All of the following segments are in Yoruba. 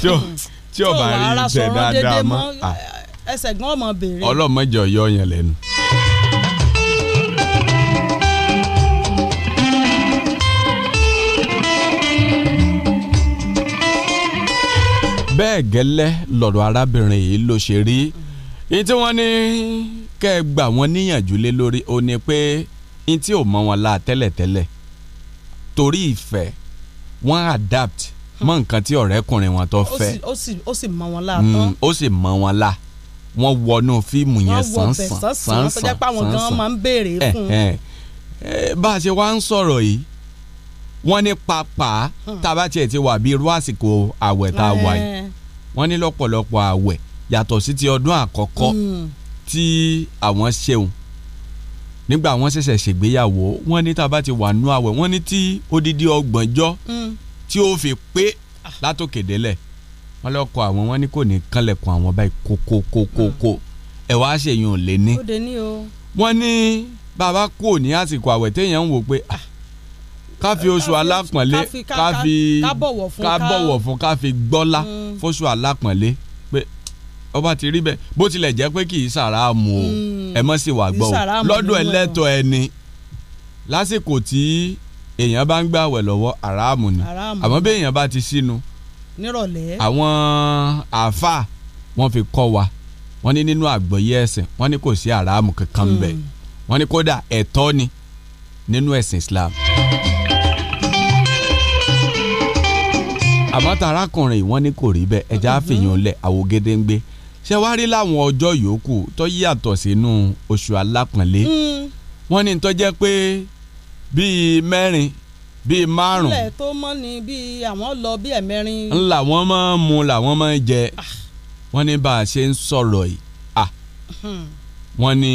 tí ò mm. bá rí ìṣẹ̀ dáadáa mọ́ ẹsẹ̀ gan ọmọ bèrè ọlọ́mọjọ yọ yẹn lẹ́nu. bẹ́ẹ̀ gẹ́lẹ́ lọ̀rọ̀ arábìnrin yìí ló ṣe rí ní tí wọ́n ní kẹ́ ẹ gbà wọ́n níyànjú lé lórí ó ní pé ní tí ò mọ wọn la tẹ́lẹ̀tẹ́lẹ̀ torí ìfẹ́ wọ́n adapt mọ nǹkan tí ọ̀rẹ́kùnrin wọn tó fẹ́ ó sì mọ wọn la tán mm, ó sì mọ wọn la wọ́n wọnú fíìmù yẹn sánsan sánsan sánsan tó jẹ́ pé àwọn gan máa ń béèrè eh, fún un. Eh. Eh, bá a ṣe wá ń sọ̀rọ̀ yìí wọ́n ní pápá hmm. tába tiẹ̀ ti wà bí irú àsìkò àwẹ̀ tá a wà yìí wọ́n ní lọ́pọ̀lọpọ̀ àwẹ̀ yàtọ̀ sí ti ọdún àkọ́kọ́ hmm. tí àwọn ṣeun nígbà wọ́n ṣẹ̀ṣẹ̀ ṣègbéyàwó wọ́n ní tába ti wà nú àwẹ̀ wọ́n ní tí odidi ọgbọ̀njọ́ hmm tí ó fi pé látòkè délẹ̀ wọ́n lọ kọ àwọn wọn ní kò ní kánlẹ̀kùn àwọn báyìí kókókókókó hmm. ẹ̀ wá ṣèyàn ò lè ní. ó dé ní o. wọ́n ní bàbá kò ní àsìkò àwẹ̀ téèyàn ń wò pé ah ká fi oṣù alápọ̀nlé ká fi ká bọ̀wọ̀ fún ká fi gbọ́lá hmm. fóṣù alápọ̀nlé pé ọba ti rí bẹ́ẹ̀ bó tilẹ̀ jẹ́ pé kì í sàràmù o hmm. ẹ mọ̀ sí wàá gbọ́ o lọ́dọ̀ ẹlẹ́tọ̀ ẹni lásìkò tí èèyàn bá ń gbàwẹ̀ lọ́wọ́ aráàmù ni àmọ́ bí èèyàn bá ti sínú nírọ̀lẹ́ àwọn àáfà wọ́n fi kọ́ wa wọ́n ní nínú àgbọ́yé ẹ̀sìn wọ́n ní kò sí aráàmù kankan ń bẹ̀ hmm. ní kódà ẹ̀tọ́ ni nínú ẹ̀sìn Islam. àmọ́ tarakùnrin wọ́n ní kò rí bẹ́ẹ̀ ẹja àfihàn lẹ̀ àwògede ń gbé ṣé wàá rí láwọn ọjọ́ yòókù tó yàtọ̀ sínú oṣù alápọ̀nlé hmm. wọ́n ní tó pé bíi mẹ́rin bíi márùn. ilẹ̀ tó mọ́ ni bíi àwọn lọ bíi ẹ̀mẹ́rin. ń là máa ń mu là máa ń jẹ ah. wọ́n ní bá a ṣe ń sọ̀rọ̀ yìí ah. hmm. wọ́n ní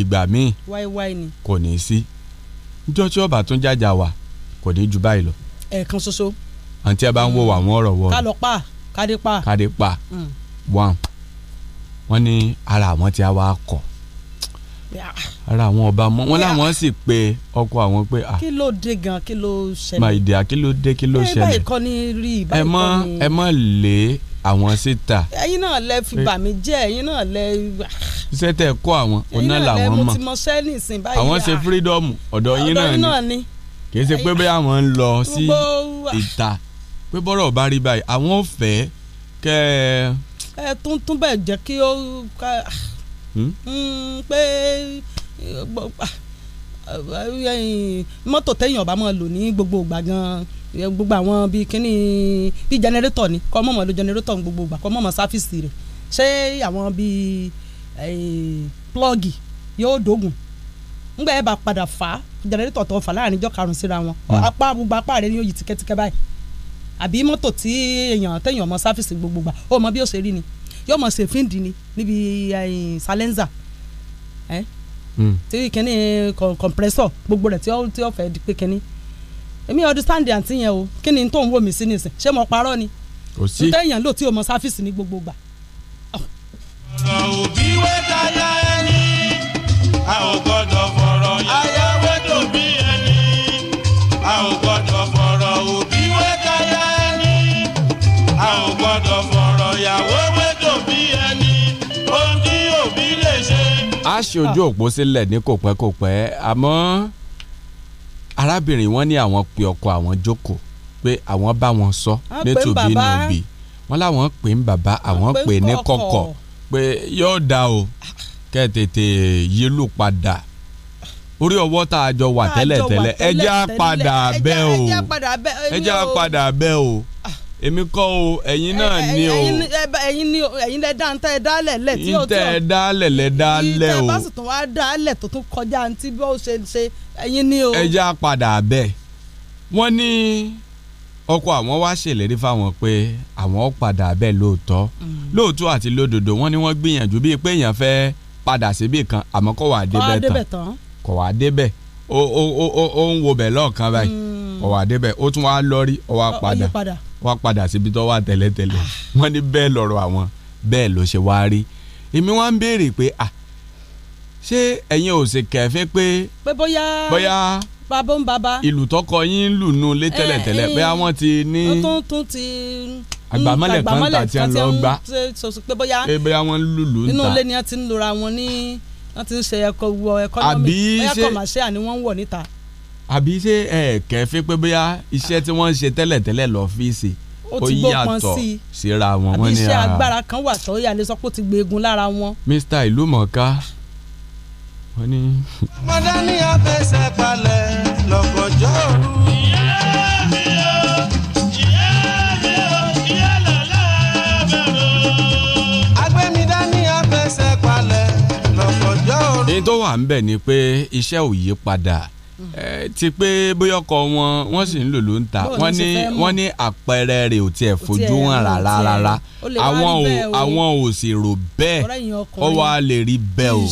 ìgbà míì kò ní í sí níjọ́ tí ọba tún jájà wà kò ní í ju báyìí lọ. ẹ̀ẹ̀kan ṣoṣo. àǹtí ẹ bá ń wo hmm. àwọn ọ̀rọ̀ wọ. ká lọ pa kádé pa. kádé pa one hmm. wọ́n ní ara àwọn tí a wá kọ̀ ara àwọn ọba mọ wọn làwọn sì pe ọkọ àwọn pé ah kí ló dé gan kí ló ṣẹlẹ̀ máa ìdè kí ló dé kí ló eh, ṣẹlẹ̀ ẹ báyìí kọ́ ni rí báyìí kọ́ ni ẹ mọ lé àwọn síta ẹ̀yin náà lẹ fi bà eh. mí jẹ́ ẹ̀yin náà lẹ. iṣẹ́ tẹ kọ́ àwọn ọ̀nà làwọn mọ àwọn ṣe ah. fírídọ́ọ̀mù ọ̀dọ̀ yín náà ni kì í ṣe pé bẹ́ẹ̀ àwọn ń lọ sí ah. ìta pé bọ́rọ̀ bá rí báyìí àwọn ò fẹ́ kẹ́ ẹ. ẹ tuntun bẹ́ẹ̀ jẹ́ kí ó Hmm? Hmm, pé mọ́tò téèyàn ọba máa lò ní gbogbo ìgbà gan gbogbo àwọn bíi kínní bíi jẹnẹrétọ̀ ni kọ́ mọ̀mọ́ lo jẹnẹrétọ̀ ní gbogbo ìgbà kọ́ mọ̀mọ́ sáfíìsì rẹ̀ ṣé àwọn bíi plọ́ọ̀gì yóò dógùn ńgbà ẹ bá padà fà á jẹnẹrétọ̀ tó fà láàrin ìjọ karùn-ún síra wọn hmm. apá gbogbo apá rẹ ni yóò yí tíkẹ́tíkẹ́ báyìí àbí mọ́tò tí èèyàn téèyàn ọmọ sáfíìsì gbogbo ìgbà ó mọ bí ó ṣe rí ni yóò mọ̀ ṣe fíndì ni níbi eh, salenza eh? hmm. tí kìíní eh, compressor gbogbo rẹ̀ tí ó fẹ́ di pé kìíní èmi understand àǹtí yẹn o kí ni tó ń wò mí sí nìsín ṣé mo parọ́ ni kò sí ǹtẹ́ èèyàn lò mọ sáfíìsì ní gbogbo gbà. ọ̀rọ̀ òbí wẹ́ẹ́ dáyà ẹni a gbọ́dọ̀ fọ́. a ṣe ojú ah. òpó sílẹ̀ ní kò pẹ́ kò pẹ́ àmọ́ arábìnrin wọn ní àwọn pe ọkọ àwọn jókòó pé àwọn bá wọn sọ nítòbí níbi wọn láwọn pè ń bàbá àwọn pè ní kọ̀kọ̀ pé yóò da o kẹ́ tètè yílù padà orí ọwọ́ tá a jọ wà tẹ́lẹ̀tẹ́lẹ̀ ẹ jẹ́ padà bẹ́ o ẹ jẹ́ padà bẹ́ o. Ah èmi kọ́ o ẹ̀yin náà ni o ẹ̀yin ni ẹ̀yin lẹ dá ntẹ́ dálẹ̀ lẹ̀ tí o tẹ́ ntẹ́ dálẹ̀ lẹ dálẹ̀ o ìtẹ́ bá sì tún wá dálẹ̀ tó tún kọjá ntí bí ó ṣe ṣe ẹ̀yin ni o. ẹja padà bẹ́ẹ̀ wọ́n ní ọkọ àwọn wá ṣèlérí fáwọn pé àwọn padà bẹ́ẹ̀ lóòótọ́ mm. lóòótọ́ àti lódodo wọ́n ní wọ́n gbìyànjú bíi pé èèyàn fẹ́ padà síbì kan àmọ́ kò wá débẹ̀ tán kò wá débẹ̀ ó ń wo bẹ̀ lọ́ọ̀kan báyìí mm. kò wá débẹ̀ ó tún wá lọ́rí ó wá padà wọ́n padà síbi tó wà tẹ́lẹ̀tẹ́lẹ̀ ah. wọ́n ní bẹ́ẹ̀ lọ́rọ̀ àwọn bẹ́ẹ̀ ló ṣe wá rí èmi wá ń béèrè pé à ah, ṣé ẹ̀yin ò sì kẹ̀fín pé pé bóyá bóyá babó ń baba ìlú tọkọ yín lù nù lé eh, tẹ́lẹ̀tẹ́lẹ̀ eh, bóyá wọ́n ti ní àgbàmọ́lẹ̀ kan tà tí ń lọ gbá pé bóyá wọ́n lùlù ń ta inú ilé ni wọ́n ti ń lura wọn ní wọ́n ti ń ṣe ẹ̀kọ́ wọ ẹ̀kọ́ náà mi bóyá kọ̀máṣíà ni ń wọ̀ níta àbí ṣé ẹ kẹfí pé bóyá iṣẹ́ tí wọ́n ń ṣe tẹ́lẹ̀tẹ́lẹ̀ lọ́fíìsì ó yàtọ̀ síra wọn. àbí iṣẹ́ agbára kan wà tó yà lè sọ ti gbẹ̀gùn lára wọn. Mr. Ìlúmọ̀ọ́ká wọ́n ní. ọmọdé ní afẹsẹ̀ balẹ̀ mi o ìyá mi o ìyá lọ́lá bẹ̀rù. agbẹ́mídá ní balẹ̀ lọ́kọ̀jọ́ òru. tó wà ń bẹ̀ ni pé iṣẹ́ ò yí padà Eh, ti pé bóyá ọkọ wọn wọ́n sì ń lò ló ń ta wọ́n ní wọ́n ní àpẹẹrẹ rẹ̀ ò tiẹ̀ fojú hàn rárá rárá àwọn ò àwọn ò sì rò bẹ́ẹ̀ ó wá lè rí bẹ́ẹ̀ o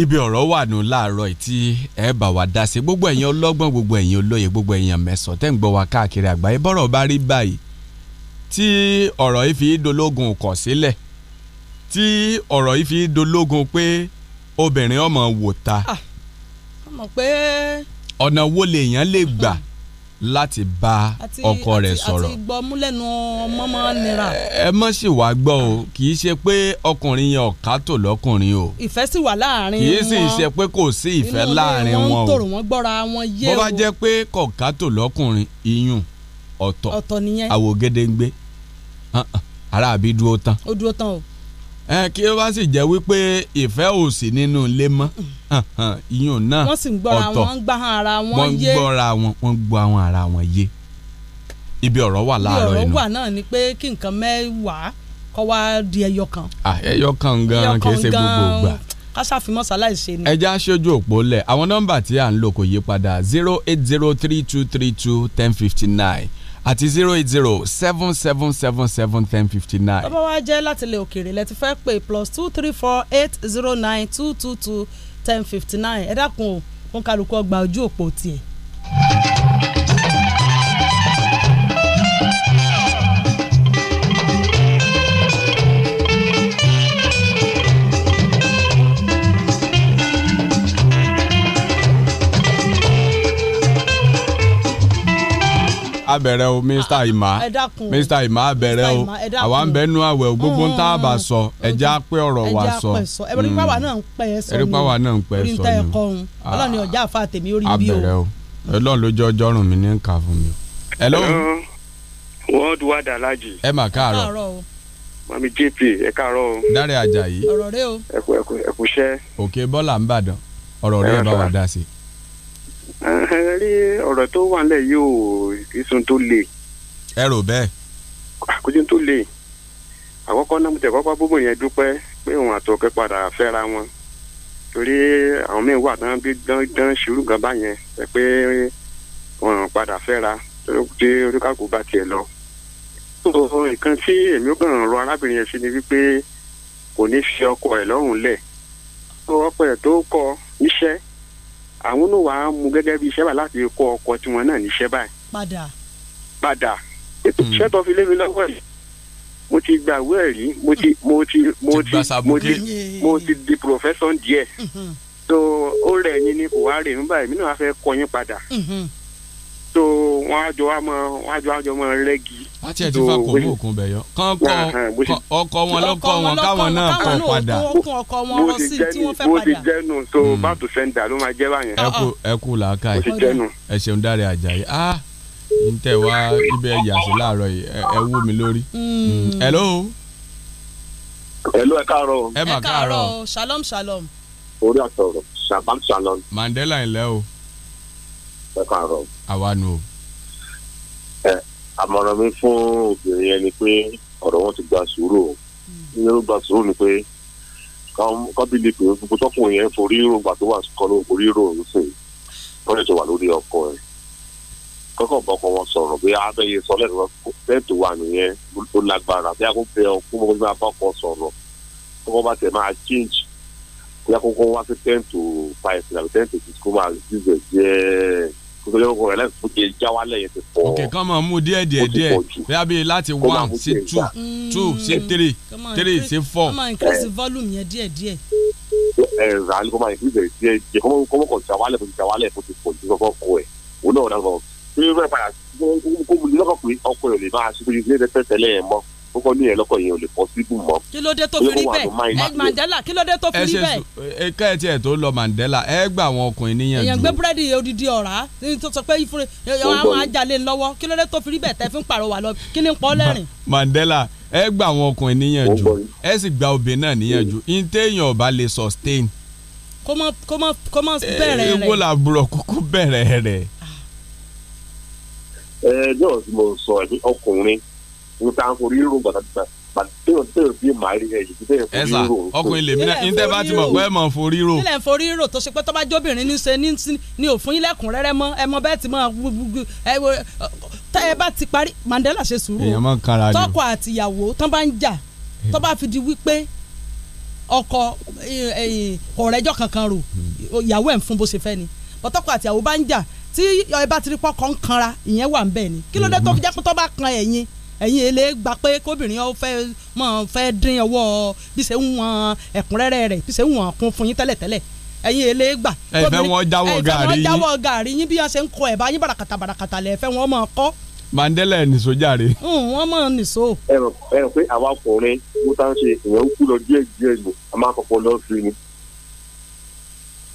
ibi ọ̀rọ̀ wà nù láàárọ̀ tí ẹ bá wa dá sí gbogbo ẹ̀yin ọlọ́gbọ́n gbogbo ẹ̀yin olóye gbogbo ẹ̀yin mẹ́sàn-án tẹ́ ń gbọ́ wa káàkiri àgbáyé bọ́rọ̀ bá rí báyìí tí ọ̀rọ̀ yìí fi dológun kọ̀ sílẹ̀ tí ọ̀rọ̀ yìí fi dológun pé obìnrin ọmọ wò ta. Ah mọ̀ pé. ọ̀nà wo lèèyàn lè gbà láti bá ọkọ rẹ̀ sọ̀rọ̀. àti gbọ́mú lẹ́nu ọmọ máa ń nira. ẹ mọ̀ sì wá gbọ́ o kì í ṣe pé ọkùnrin yẹn ọ̀ká tò lọ́kùnrin o. ìfẹ́ sì wà láàrin wọn. kì í sì ṣe pé kò sí ìfẹ́ láàrin wọn o. inú wọn ń tòrò wọn gbọ́ra wọn yé o. bó bá jẹ́ pé kọ̀ọ̀ká tò lọ́kùnrin iyùn ọ̀tọ̀ ọ̀tọ̀ nìyẹn àwògedengbe ara àbí dúró tán. ó dúró tán o kí ó bá sì jẹ́ wípé ìfẹ́ ò sí nínú ilé mọ́ iyùn náà ọ̀tọ̀ wọ́n sì ń gbọ́ra wọn ń gbá ara wọn yé wọ́n gbọ́ra wọn wọ́n gbọ́ àwọn ara wọn yé ibi ọ̀rọ̀ wà láàárọ̀ inú ibi ọ̀rọ̀ wà náà ni pé kí nǹkan mẹ́wàá kọ́ wá di ẹyọ kan. ẹyọ kan gan kì í ṣe gbogbo gbà kásáfimọ́ sáláì ṣe ni. ẹja aṣojú òpó lẹ̀ àwọn nọ́mbà tí à ń lò kò yí padà zero eight zero three two three two ten fifty nine àti zero eight zero seven seven seven seven ten fifty nine. bàbá wa jẹ́ láti ilẹ̀ òkèèrè lẹ́tí fẹ́ pé plus two three four eight zero nine two two two ten fifty nine ẹ dákun òun kálukú ojú òpó tiẹ̀. abẹ̀rẹ̀ o mr ah, ima mr ima abẹ̀rẹ̀ o àwa ń bẹ nú o gbogbo ń tá a bá mm-hmm. sọ ẹja wa sọ náà ń ẹ sọ ah. ọjà tèmi orí bí o. o ló hello. world alaji. ẹ mà mami jp ẹ o. dáre ajayi. ọrọ rẹ o. ẹkú ẹkú òkè ń bàdàn ọrọ rẹ bá ẹ rí ọ̀rọ̀ tó wà nílẹ̀ yìí ò ìsun tó le. ẹ rò bẹ́ẹ̀. àkójú tó le àkọ́kọ́ náà mo tẹ̀ kọ́kọ́ bóbó yẹn dúpẹ́ pé òun àtọkẹ́ padà fẹ́ra wọn torí àwọn míì wà dán bí dán ṣùrù gan báyẹn ẹ pé wọn padà fẹ́ra tí oníkàkú bá tiẹ̀ lọ. nǹkan tí èmi ó kàn rọ arábìnrin yẹn sí ni wípé kò ní fi ọkọ ẹ̀ lọ́rùn lẹ̀ tó ọkọ ẹ̀ tó kọ níṣẹ́ àwọn náà wàá mú gẹ́gẹ́ bíi iṣẹ́ báyìí láti kọ́ ọkọ tiwọn náà níṣẹ́ báyìí. padà. padà ètò hmm. iṣẹ́ tó fi lé mi lọ́wọ́ yìí mo ti gba ìwé ẹ̀rí mo ti mo ti mo ti mo ti mo ti di professor díẹ̀ hmm, hmm. so ó rẹ̀ yín ni kò wá rè mí báyìí mi náà wá fẹ́ kọ́ yín padà. Mm -hmm so wọn àjọ wa mọ wọn àjọ àjọ mọ rẹgì. wọ́n ti ẹ̀ ti fa kòmó òkun bẹ̀ yọ. kán kọ ah, ah, ọkọ wọn lọ́kọ wọn káwọn náà kọ padà. ọkọ wọn lọ sí tí wọ́n fẹ́ padà. bó ti jẹ́nu so hmm. back to ló máa jẹ́ báyẹn. ẹ kú ẹ kú làákà yìí ẹ ṣeun dáre Àjàyí ah n tẹ wá ibẹ̀ yàtọ̀ láàárọ̀ yìí ẹ wú mi lórí. Hmm. Hmm. hello. hello ẹ káàárọ̀. ẹ mà káàárọ̀ shalom shalom. orí àtọ̀rọ̀ shabam shalom. Mandela ẹ̀ o pẹ̀kọ́ àrọ̀. àwa nù o. ẹ àmọ̀ràn mi fún obìnrin yẹn ni pé ọ̀rọ̀ wọn ti gba sùúrù o ní ló gba sùúrù ni pé kọ́ bí lè pè é gbogbo tọkùnrin yẹn forí rò gbà tó wà kọ́ ló forí rò ń sìn wọ́n lè ti wà lórí ọkọ ẹ̀ kọ́kọ́ bọ́kọ wọn sọ̀rọ̀ bí abẹ́yẹ sọ lẹ́nu bẹ́ẹ̀tù wà nìyẹn ló lágbára bí akókò ọkọ mọ́ bí abọ́kọ sọ̀rọ̀ kọ́kọ́ bá tẹ̀ máa change bí akókò wá sí ten to five ten to six kó máa ṣiṣẹ́ jẹ́ẹ́ kókòlórúkọ rẹ̀ lẹ́yìn fúnjẹ jáwálẹ̀ yẹn ti pọ̀. ok kàn máa mú díẹ̀ díẹ̀ díẹ̀ bóyá bíi láti one sí two two sí three three sí four. kàn máa increase yẹn díẹ̀ díẹ̀. ẹ ẹ rà á ní kó máa increase díẹ̀ díẹ̀ kó mọ̀ kàn jáwálẹ̀ fún jáwálẹ̀ fún ti pọ̀ ju kọ́kọ́ kọ ẹ̀ òun náà dáná kókó ní ẹ lọkọ yẹn ò lè pọ síbù mọ. kí ló dé tó fi rí bẹ́ẹ̀ ẹ mandela kí ló dé tó fi rí bẹ́ẹ̀. ẹ ká ẹ tiẹ̀ tó lọ mandela ẹ gba àwọn ọkùnrin níyànjú. èèyàn gbé búrẹ́dì odidi ọ̀rá tó sọ pé ìfúre àwọn ajalè lọ́wọ́ kí ló dé tó fi rí bẹ́ẹ̀ tẹ́ fi ń pàrọwà lọ kí ni pọ́ lẹ́rìn. mandela ẹ gba àwọn ọkùnrin níyànjú ẹ sì gba obìnrin náà níyànjú intéèyàn hmm. ọba lè sustain. kó mọ eh, bẹ̀rẹ̀ rẹ̀. ewo làbúrò kúkú bẹ̀rẹ̀ rẹ̀. ẹ eh, ẹ nǹkan kò rí irun gbàdàgbà téèyàn téèyàn fi màá rí ẹyìn tí téèyàn forí rò. ọkùnrin lèmi náà ní tẹ́ bá ti mọ̀ pé ẹ mọ̀ forí rò. ilẹ̀ forí rò tó ṣe pé tọ́ba jóbìnrin ní ṣe ní òfin ilẹ̀kùnrẹ́rẹ́ mọ́ ẹ mọ bẹ́ẹ̀ ti mọ ẹ bá ti parí Mandela ṣe sùúrù tọkọ àtìyàwó tán bá ń jà tó bá fi di wípé ọkọ ọ̀rẹ́jọ́ kankan rò ìyàwó ẹ̀ ń fún bó ṣe fẹ́ ni bọ́tọ́kọ àtìyàwó bá ń jà tí ẹ bá ti rí pọ́kọ́ ń kanra ìyẹn wà ń bẹ́ẹ̀ ni kí ló dé tó fi jẹ́ pé tó bá kan ẹ̀yin ẹ̀yin èlé gba pé kóbìnrin ọ fẹ́ mọ̀ fẹ́ dín ọwọ́ bí ṣe ń wọn ẹ̀kúnrẹ́rẹ́ rẹ̀ bí ṣe ń wọn kún fún yín tẹ́lẹ̀tẹ́lẹ̀ ẹ̀yin èlé gbà. ẹ fẹ́ wọn jáwọ́ gàrí yín ẹ fẹ́ wọn jáwọ́ gàrí yín bí wọ́n ṣe ń kọ ẹ̀ yín bàràkàtà bàràkàtà lẹ̀ fẹ́ wọn máa kọ́. Mandela ẹ̀ nìṣó jàre. wọ́n máa nìṣó. ẹ rò pé àwa ọkùnrin bó tá ń ṣe èèyàn kú lọ díẹ̀ díẹ̀ lò a máa kọ́kọ́ lọ sí ni.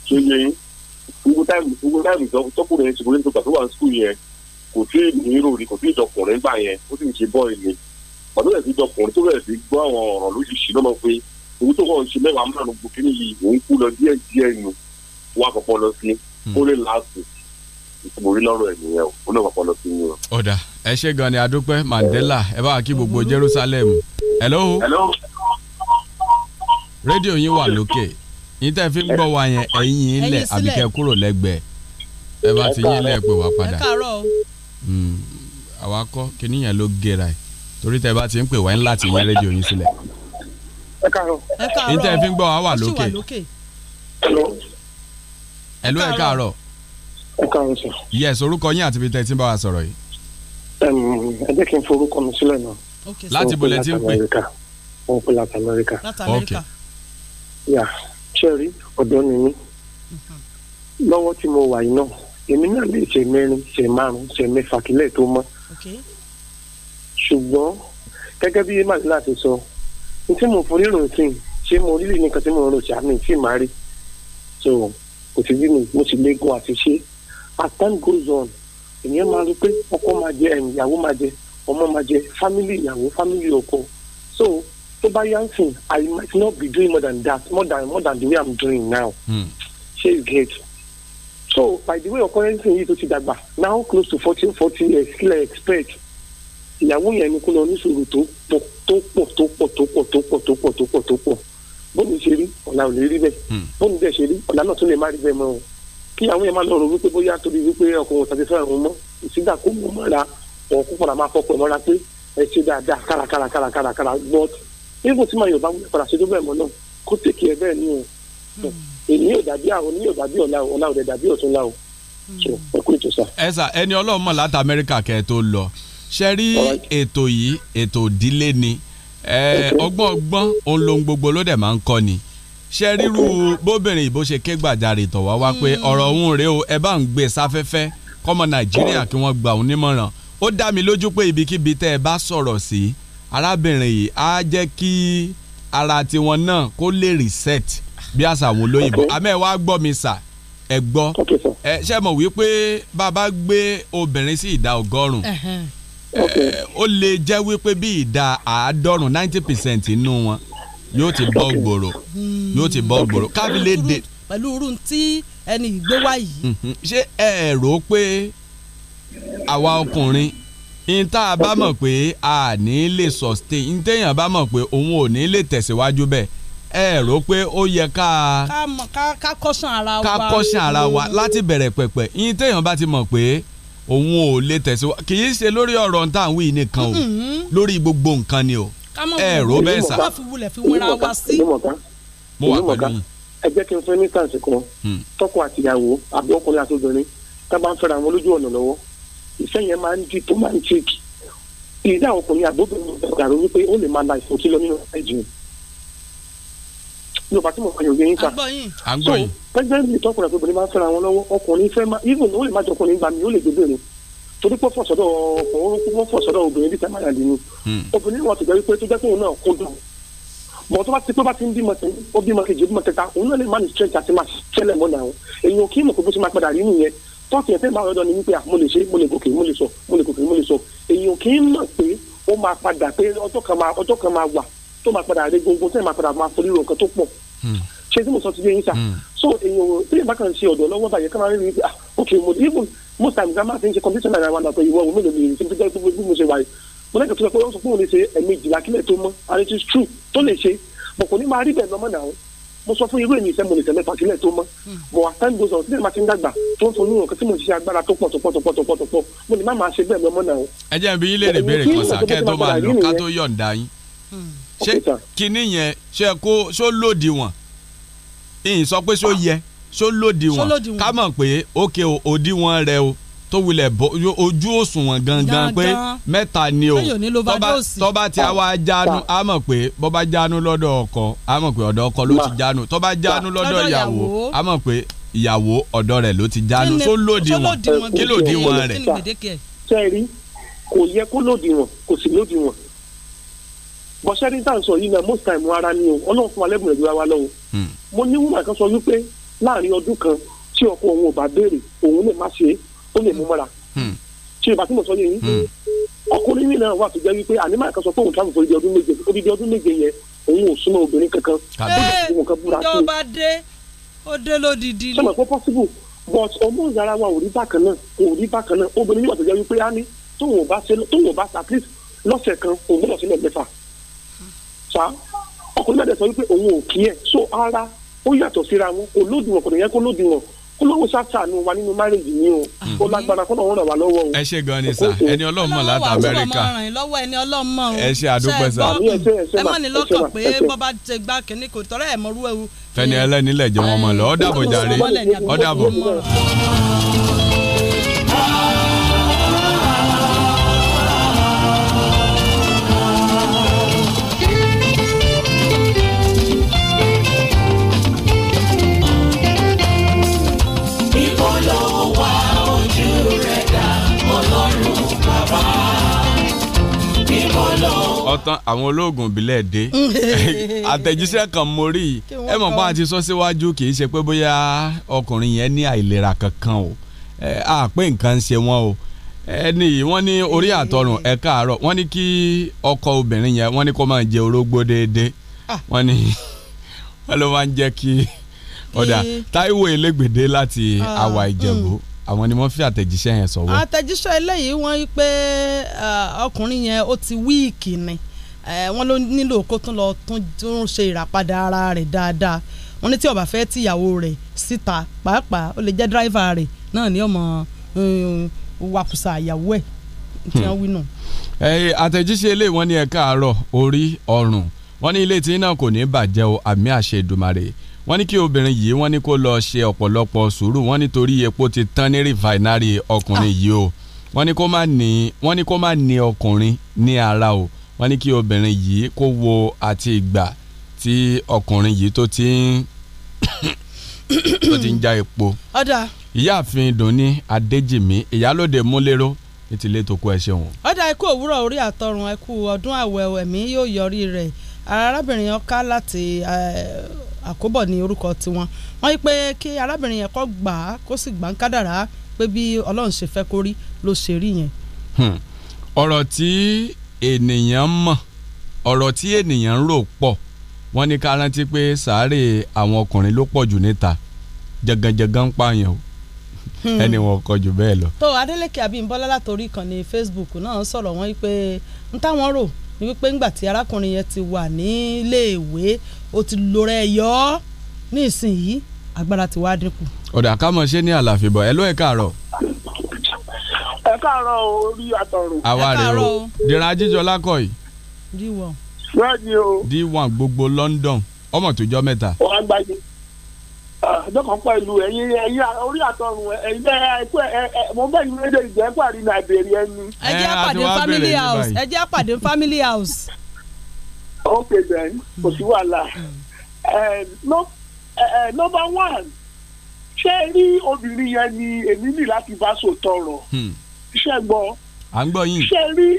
ṣé yẹn gbogbo kò tí ì ní rò ní kò tí ì dọkùnrin gbà yẹn ó sì ń ṣe bọ́ ilé pàtó bẹ̀rẹ̀ sí dọkùnrin tó bẹ̀rẹ̀ sí gbọ́ àwọn ọ̀rọ̀ lójijì lọ́nà pé owó tó kàn ń ṣe mẹ́wàá mẹ́rin gbogbo kí nìyí òun kú lọ díẹ̀ díẹ̀ nu wà pọ̀pọ̀ lọ sí hmm. ó lè láàbù ìtòmórí lọ́rọ̀ ẹ̀ ó lè pọ̀pọ̀ lọ sí ni ọ̀dà ẹ ṣe gan ni adúpẹ́ Mandela ẹ bá wa kí gbogbo Jerusalem hello rédíò yín wà lókè yín tẹ́ fi ń gbọ́ wa yẹn ẹ̀yìn yín lẹ̀ àbíkẹ́ kúrò lẹ́gbẹ̀ẹ́ ẹ bá ti yín lẹ̀ pé padà. ẹ kàárọ̀ o. Hmm. àwa kọ́ kíníyàn ló gera ẹ̀ torí tẹ bá ti ń pè wá ń láti yẹn rédíò yín sílẹ̀. ẹ káàárọ̀. ẹ káàárọ̀ ní fi ń gbọ́ wa wà lókè. ẹ káàárọ̀. ẹ káàárọ̀ sọ. yes orúkọ yín àti ibi ti ń bá wa sọ̀rọ̀ yìí. ẹ jẹ́ kí n forúkọ mi sílẹ̀ náà. láti bolẹ̀ tí ń pè. wọ́n pè láti Amẹ́ríkà. láti Amẹ́ríkà. yà ṣẹ́rí ọ̀dọ́ ni mí mhm. lọ́wọ́ tí mo wà yìí náà èmi náà lè ṣe mẹ́rin ṣe márùn ṣe mẹ́fà kílẹ̀ tó mọ́ ṣùgbọ́n gẹ́gẹ́ bí màdìlá ti sọ ní tí mo forí rò sí ṣé mo rí nìkan tí mo rò sàmì tí màá rí so kò sí bí mo sì léegun àti ṣe at time goes on ènìyàn máa rí pé ọkọ máa jẹ ẹ̀yìn ìyàwó máa jẹ ọmọ máa jẹ fámìlì ìyàwó fámìlì ọkọ so tó bá yá ń I might not be doing more than that more than more than the way I'm doing now hmm. ṣé you get so by the way ọkọrẹ́nsìn yìí tó ti dàgbà now close to fourteen forty years I expect ìyàwó yẹn ni kó lọ níṣòro tó pọ̀ tó pọ̀ tó pọ̀ tó pọ̀ tó pọ̀ tó pọ̀ tó pọ̀ tó pọ̀ bóun ṣe rí ọ̀la ò lè rí bẹ́ẹ̀ hmm. bóun dẹ̀ ṣe rí ọ̀la náà tún lè má rí bẹ́ẹ̀ mọ́ o kí àwọn yẹn má lọ rò wípé bóyá torí wípé ọkùnrin tàbí fẹ́ràn òun mọ́ ìsígbà kó mọ̀ mọ́ra ọ̀ kó fara máa fọ́pọ̀ mọ́ra pé ẹ ṣe dáadáa kárakára kárakára but even tí màá yorùbá wọlé padà ṣe tó bẹ́ẹ̀ mọ́ náà kó tèkì ẹ bẹ́ẹ̀ ni o hmm èmi ò dàbí àwọn ní ò dàbí ọ̀la ọ̀la ò dẹ̀ dàbí ọ̀túnla o so ẹ kú ètò sá. ẹ sà ẹni ọlọ́run mọ̀ láti amẹ́ríkà kẹ́ ẹ tó lọ ṣe rí ètò yìí ètò ìdílé ni ọgbọ́n ọgbọ́n òun lohun gbogbo ló dẹ̀ máa ń kọ́ ni ṣe ríru bóbìnrin ìbò ṣe ké gbàjarè tọ̀ wá wá pé hmm. ọ̀rọ̀ òun rèé o ẹ bá ń gbé e sáfẹ́fẹ́ kọ́mọ nàìjíríà kí wọ́n gba òun nímọ̀ràn ó dá mi lójú pé ibikíbi tẹ́ ẹ bá sọ̀rọ̀ sí arábìnrin yìí á jẹ́ kí ara tiwọn náà kó lè reset bí àṣà àwọn olóyìnbó àmọ́ ẹ wá gbọ́ mi sà ẹ gbọ́ ẹ ṣe mọ̀ wípé bàbá gbé obìnrin sí ìdá ọgọ́rùn ó lè jẹ́ wípé bí ìdá àádọ́rùn ninety percent nínú wọn yóò ti bọ́ gbòòrò hmm. yóò ti bọ́ gbòòrò kábí lè dé. pẹ̀lú irú tí ẹni ìgbé wá yìí. Mhm. ṣé ẹ rò ó pé àwa ọkùnrin ìta bá mọ̀ pé a ní lè sustain ìtẹ̀yàn bá mọ̀ pé òun ò ní lè tẹ̀síwájú bẹ́ẹ̀ ẹ rò pé ó yẹ ká. ká kọ́sàn ara wa. ká kọ́sàn ara wa láti bẹ̀rẹ̀ pẹ̀pẹ̀ yín téèyàn bá ti mọ̀ pé òun ò lè tẹ̀síwájú kì í ṣe lórí ọ̀rọ̀ ń tàn wí nìkan o mm-hmm. lórí gbogbo nǹkan ni o ẹ rò bẹ́ẹ̀ sà. ká fi wulẹ̀ fi wẹ́ra wa sí. mo wà pẹ̀lú yín. ẹ jẹ́ kí n fẹ́ ní sàǹsì kan hmm. tọkọ àtìyàwó àbí ọkùnrin àti obìnrin tá a bá ń fẹ́ra wọn lójú ọ̀nà lọ́wọ́ ìfẹ́ yẹn máa ń di romantic ìdá ọkùnrin àbóbìnrin ọ̀gá rò wípé ó lè máa la ìfòkí lọ nínú ẹ̀jẹ̀ yóò bá tí mo fọyọ̀ yẹn ta. à ń mi tọkùnrin àti obìnrin máa ń fẹ́ra wọn lọ́wọ́ ọkùnrin fẹ́ máa even ó lè má jọkùnrin gbà mí ó lè gbé bèrè torí pé fọ̀sọ̀dọ̀ ọkùnrin ó fọ̀sọ̀dọ̀ obìnrin bíi tẹ́lẹ̀ àdínú. Hmm. obìnrin wọn ti gbẹ́ wípé tó jẹ́ pé òun náà kún dùn. bọ̀ tó bá ti pé bá ti ń bímọ tẹ̀ ó bímọ kejì bímọ kẹta òun náà lè má ní strength àti máa ṣẹlẹ̀ mọ́ náà èyí ò kí mọ̀ kó tó máa padà rí nìyẹn tọ́ọ̀kì ẹ̀fẹ́ máa rọ́dọ̀ ni wípé mo lè ṣe mo lè gòkè mo lè sọ mo lè gòkè mo lè sọ èyí ò kí mọ̀ pé ó máa padà pé ọjọ́ kan máa wà tó máa padà rí gbogbo tó máa padà máa forí ro nǹkan tó pọ̀ ṣé tí mo sọ ti yé yín sá so èyàn ò tí èyàn bá kàn ṣe ọ̀dọ̀ lọ́wọ́ báyẹn ká máa rí ah ok mo even most times ká máa fi ń ṣe competition náírà wa nàpẹ ìwọ òun lòdì tí mo jẹ́ bí mo ṣe wà yìí mo lẹ́kọ̀ọ́ tó sọ pé wọ́n sọ pé òun lè ṣe ẹ̀mejìlá kílẹ̀ tó mọ́ and tó lè ṣe mo kò ní máa rí bẹ́ẹ̀ lọ́mọ náà mo sọ fún irú èmi ṣé kinní yẹn ṣe kó ṣó lòdì wọn ìyìn sọ pé ṣó yẹ ṣó lòdì wọn ká mọ̀ pé òkè òdiwọ̀n rẹ o tó wulẹ̀ bọ́ ojú òṣùwọ̀n gangan pé mẹ́ta ni o tọ́ba tí a wá jánu ah. a mọ̀ pé bọ́ba jánu lọ́dọ̀ ọkọ a mọ̀ pé ọ̀dọ̀ ọkọ ló ti jánu tọ́ba jánu ah. lọ́dọ̀ ìyàwó a mọ̀ pé ìyàwó ọ̀dọ̀ rẹ̀ ló ti jánu tó lòdì wọn kí lòdì wọn rẹ̀. sẹ́ẹ̀rí kò yẹ kó lòdì wọn kò sì lòdì wọn bọ́sẹ́rì tá à ń sọ yìí náà most time ara ni o ọlọ́run fún wa lẹ́bùn ẹ̀dùn wa lọ́wọ́ hmm. mo ní wúmà kan sọ wípé láàrin ọdún kan tí ọkọ òun ò bá béèrè òun lè má ṣe ó lè mú mọ́ra hmm. ṣe ìbá tí mo sọ yẹn yìí hmm. ọkùnrin yìí náà wà tó jẹ́ wípé ànímọ̀ kan sọ pé òun travel for ibi ọdún méje ibi ọdún méje yẹn òun ò súnmọ́ obìnrin kankan òun kan búra sí i. ìjọba dé ó dé lódìdí ni. sọ̀rọ̀ ṣá ọkùnrin náà dẹ̀ sọ wípé òun ò kí ẹ̀ so ara ó yàtọ̀ síra wọn kò lódiwọ̀n kò yẹ kó lódiwọ̀n kó lóun ṣàṣàánú wa nínú márèjì ni o ó lágbára kó lóun ràn wá lọ́wọ́ o. ẹ ṣe gan ni sà ẹni ọlọ́run mọ̀ láti amẹ́ríkà ẹ ṣe àdúpẹ́ sà ẹ mọ̀ ní lọ́kàn pé bọ́ba ti gbá kínní kò tọ́rẹ́ ẹ̀ mọ́rú ẹ̀wù. fẹ́ni ẹlẹ́ni lẹ̀ jẹ́ wọn mọ̀ lọ ó dàbọ̀ jàre ọtán àwọn olóògùn ìbílẹ̀ dé àtẹ̀jíṣẹ́ kan mo rí ẹ mọ̀ bá a ti sọ síwájú kì í ṣe pé bóyá ọkùnrin yẹn ní àìlera kankan o àpé nǹkan ń ṣe wọn o ẹni yìí wọ́n ní orí àtọrùn ẹ káàárọ̀ wọ́n ní kí ọkọ obìnrin yẹn wọ́n ní kó máa jẹ orógbó déédéé ah. wọ́n ní wọ́n ló máa ń jẹ́ kí ọ̀dà Táíwò Elégbèdé láti ah, àwà Ìjẹ̀bú mm. àwọn ni wọ́n fi àtẹ̀jíṣẹ́ yẹn sọ̀wọ́. àtẹ̀jíṣẹ́ eléyìí wọ́n wí pé ah, ọkùnrin yẹn ó ti wíìkì ni Eh, wọ́n ló nílò kó tún lọ tún ṣe ìràpadà ara rẹ̀ dáadáa wọ́n ní tí ó bá fẹ́ tìyàwó rẹ̀ síta pàápàá ó lè jẹ́ dírẹ́fà rẹ̀ náà ní ọmọ eh, wàkùsà ìyàwó ẹ̀ tí wọ́n hmm. wí nù. Eh, àtẹ̀jíṣẹ́ ilé wọn ní ẹ̀ka àárọ̀ orí ọrùn wọn ní ilé tí náà kò ní bàjẹ́ o àmì àṣẹ Èdùmàrè wọ́n ní kí obìnrin yìí wọ́n ní kó lọ ṣe ọ̀pọ̀lọpọ̀ sùúrù wọ́n nítorí epo ti tán ní rìfàìnárì ọkùnrin yìí o wọ́n ní kó má ní ọkùnrin ní ara o wọ́n ní kí obìnrin yìí kó wo àti ìgbà tí ọkùnrin yìí tó ti ń tó ti ń já epo. ọ̀dà. ìyáàfin dùnní adéjìmí ìyálòde múlẹ́rọ́ ní tilé tó kó ẹ ṣeun. ọ̀dà ikú òwúrọ̀ orí àtọrun ẹkú ọdún àwẹ̀ ẹ̀mí yóò yọrí rẹ̀ arábìnrin yẹn ká láti àkóbọ̀ ní orúkọ tiwọn wọ́n yí pé kí arábìnrin yẹn kó gbà á kó sì gbà ń kádàrá pé bí ọlọ́run ṣe fẹ́ kó ló ṣe rí yẹn. Hmm. ọ̀rọ̀ tí ènìyàn mọ̀ ọ̀rọ̀ tí ènìyàn ń rò pọ̀ wọ́n ní ká rántí pé sàárè àwọn ọkùnrin ló pọ̀ jù níta jẹgànjẹgàn ń pààyàn o hmm. ẹni wọn kọ jù bẹ́ẹ̀ lọ. tó Adeleke Abímbọ́lá látòrí ìkànnì Facebook náà sọ̀rọ̀ wọ́n pé ń táwọn rò ni wípé ńgbà tí arákùnrin yẹn ti wà níléèwé ó ti lóra ẹ̀ yọ ọ́ ní ìsinyìí agbára ti wá dínkù. ọ̀dà ká mọ̀ ṣe ní àlàfíbọ̀ ẹ ló ẹ̀ káàárọ̀ ẹ káàárọ̀ orí àtọ̀rọ̀. àwa rè o dira jíjọlá kọ yìí. d1. bẹ́ẹ̀ni o. d one. gbogbo London ọmọ tó jọ mẹ́ta. wọn á gbáyé dọ́kàn pẹ̀lú ẹ̀yin ẹ̀yin orí àtọ̀run ẹ̀yin ẹ̀ mo bẹ̀ yín lédè ìjẹ́ pàrí náà béèrè ẹni. ẹ jẹ́ àpàdé family house ẹ jẹ́ àpàdé family house. ok then kò sí wàhálà hmm. eh, eh, eh, number one ṣé rí obìnrin yẹn ni èmi ní láti bá sòtọ̀ rọ̀. Hmm ṣe gbọ́. à ń gbọ́ yín. ṣe rí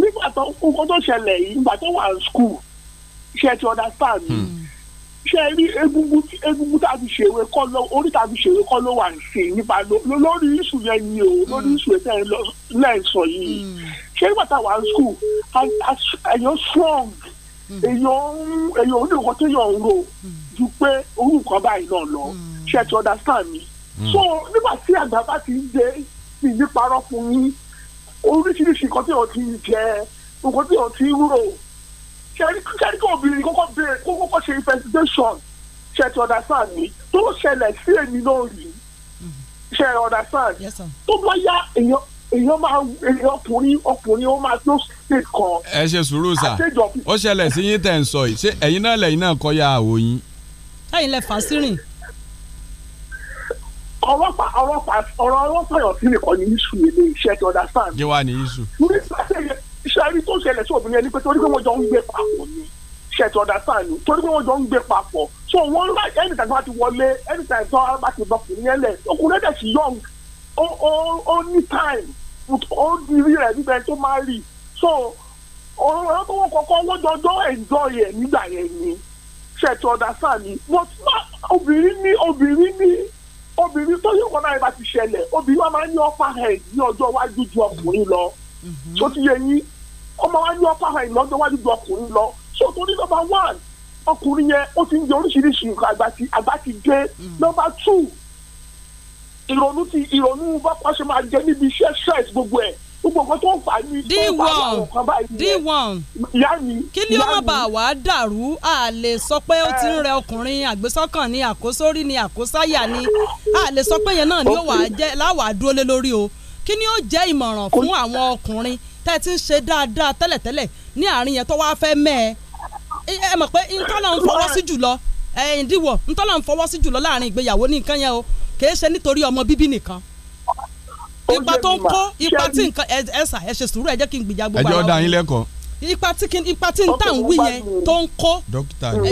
nígbà tó nǹkan tó ṣẹlẹ̀ yìí nígbà tó wà ní skul ṣe ti understand mi. Hmm. ṣe rí egungun egungun tá a fi ṣèwé kọ́ ló orí tá a fi ṣèwé kọ́ ló wà sí nípa lórí ìṣù yẹn ni o hmm. lórí ìṣù yẹn tẹ̀ lẹ́ẹ̀sọ̀ yìí. Hmm. ṣe nígbà tá a wà skul ẹ̀yàn strong èèyàn èèyàn oníkan tó yàn ń ro ju pé orúkọ báyìí náà lọ ṣe ti understand mi. so nígbà tí àgbà bá ti dé mi ní parọ́ fún yín oríṣiríṣi nǹkan tí wọ́n ti jẹ nǹkan tí wọ́n ti ń rò ṣẹ́ríkà obìnrin kókó bẹ̀rẹ̀ kókó ṣe investigation ṣe ti understand mi tó ṣẹlẹ̀ sí èmi náà rí ṣe understand tó bá yá èèyàn máa èèyàn ọkùnrin ọkùnrin ó máa tó state kan. ẹ ṣe sùúrù sà ó ṣẹlẹ̀ sí yín tẹ̀ ń sọ yìí ṣé ẹ̀yin náà lẹ̀yin náà kọ́ ya àwòyìn. ẹ̀yin lẹ fà á sírìn ọlọ́pàá ọlọ́pàá ọ̀rọ̀ ọlọ́pàá yọ̀ sí nìkan ní iṣu ilé iṣẹ́ ti ọ̀dà sáà. jẹ́ wàá ní iṣu. ní ìpàdé iṣẹ́ rí tó ṣẹlẹ̀ sí obìnrin ẹni pé torí pé wọ́n jọ ń gbé papọ̀ ni iṣẹ́ ti ọ̀dà sáà ni torí pé wọ́n jọ ń gbé papọ̀ so wọ́n rà ẹni tàbí wọ́n ti wọlé ẹni tàbí wọ́n bá ti bọkùnrin yẹn lẹ̀ ọkùnrin dẹ̀ sí young ó ní time ó di rí rẹ̀ níbẹ̀ tó máa rí so ọ̀rọ̀ tó wọ́n kọ́kọ́ enjoy ẹ̀ nígbà yẹn ni iṣẹ́ ti ọ̀dà sáà ni but obìnrin obìnrin tó yẹ wọn náà bá ti ṣẹlẹ̀ obìnrin wa máa ń ní upper head ní ọjọ́ iwájú ju ọkùnrin lọ tó mhm. ti yẹ yín ọmọ wa ní upper head lọ́jọ́ iwájú ju ọkùnrin lọ so torí nọ́mbà one ọkùnrin yẹn ó ti ń jẹ oríṣiríṣi nǹkan àgbà ti àgbà ti dé mhm. nọ́mbà two ìrònú ti ìrònú bá pàṣẹ máa jẹ níbi iṣẹ́ stress gbogbo ẹ̀ gbogbo nǹkan tó fà ní ìfọwọ́ àwọn d one. ìyá mi kí ni ó má bàa wá dàrú a lè sọ pé ó ti ń eh. rẹ ọkùnrin àgbésọ́kàn ni àkósórí ni àkósáyà ni a lè sọ pé yẹn náà ni ó wà á jẹ́ láwàá dúró lé lórí o kí ni ó jẹ́ ìmọ̀ràn fún àwọn ọkùnrin tẹ́ ti ń ṣe dáadáa tẹ́lẹ̀tẹ́lẹ̀ ní àárín yẹn tó wá fẹ́ mẹ́ ẹ ẹ mọ̀ pé ntọ́lá ń fọwọ́ sí jùlọ ẹ ǹdíwọ̀ ntọ́lá ń fọwọ́ sí jùlọ láàárín ìgbéyàwó ní nǹkan yẹn o kì í ṣe nítorí ọmọ bíbí nìkan ipa tó ń kó ipa tí nǹkan ẹ sà ẹ ṣe sùúrù ẹ jẹ́ kí n gbìjà gbogbo àwọn ọmọ ẹ jọ da yín lẹ́kọ̀ọ́ ipa tí kí ipa tí n tà ń wí yẹn tó ń kó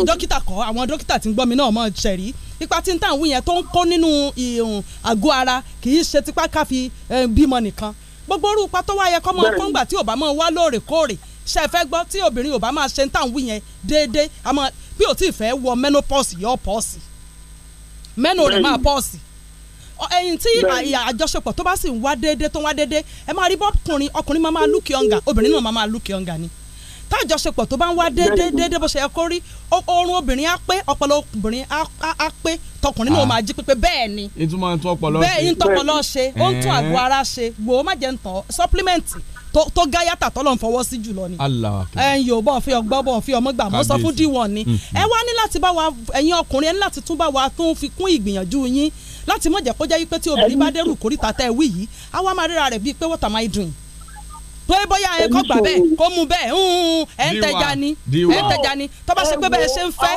dókítà kọ àwọn dókítà tí ń gbọ́ mi náà mọ̀ ṣẹ̀rí ipa tí n tà ń wí yẹn tó ń kó nínú àgọ́ ara kì í ṣe tipá káfi bímọ nìkan gbogbo orú ipa tó wáyẹ kọ́ mọ́ kọ́ngbà tí ò bá máa wá lóòrèkóòrè ṣe fẹ́ gbọ́ tí obìnrin ò bá máa ṣe ń tà ń wí yẹn déédéé àmọ́ bí ò tí ì fẹ́ wọ menopause yọ pọ́ọ̀sì mẹ́nu ẹyin tí àjọṣepọ̀ tó bá sì ń wá déédé tó ń wá déédé ẹ máa rí bọ́kùnrin ọkùnrin máa máa lùkì ọ̀ǹgà obìnrin náà máa máa lùkì ọ̀ǹgà ni tájọṣepọ̀ tó bá ń wá déédé déédé bó ṣe yẹ kó rí oorun obìnrin á pé ọpọlọ obìnrin á pé tọkùnrin náà ah. máa jí pípé bẹ́ẹ̀ ni ìtumọ̀ ń tún ọpọlọ ṣe bẹ́ẹ̀ ń tọpọlọ ṣe ó ń tún àgọ́ ara ṣe gbòó má jẹ́ ń tàn supplement tó gáyàtà tọ́lọ̀ ń fọwọ́ sí jùlọ ni. ẹyin yóò bọ̀ fi ọgbọ́ bọ̀ fi ọmọ gbà mọ́ sọ fún d ni. Hmm, hmm. ẹ wá ní láti bá wa ẹ̀yin ọkùnrin ẹ ní láti tún bá wa tún fi kún ìgbìyànjú yín láti mọ̀ jẹ́ kó jẹ́ wípé tí obìnrin bá dẹ́rù kórìtà tẹ́ ẹ wí yìí á wá máa ríra rẹ̀ bíi pé what am I doing pé bóyá ẹ kọ́ gbà bẹ́ẹ̀ kó mu bẹ́ẹ̀ ẹ ń tẹja ni ẹ ń tẹja ni tó bá ṣe pé bẹ́ẹ̀ ṣe ń fẹ́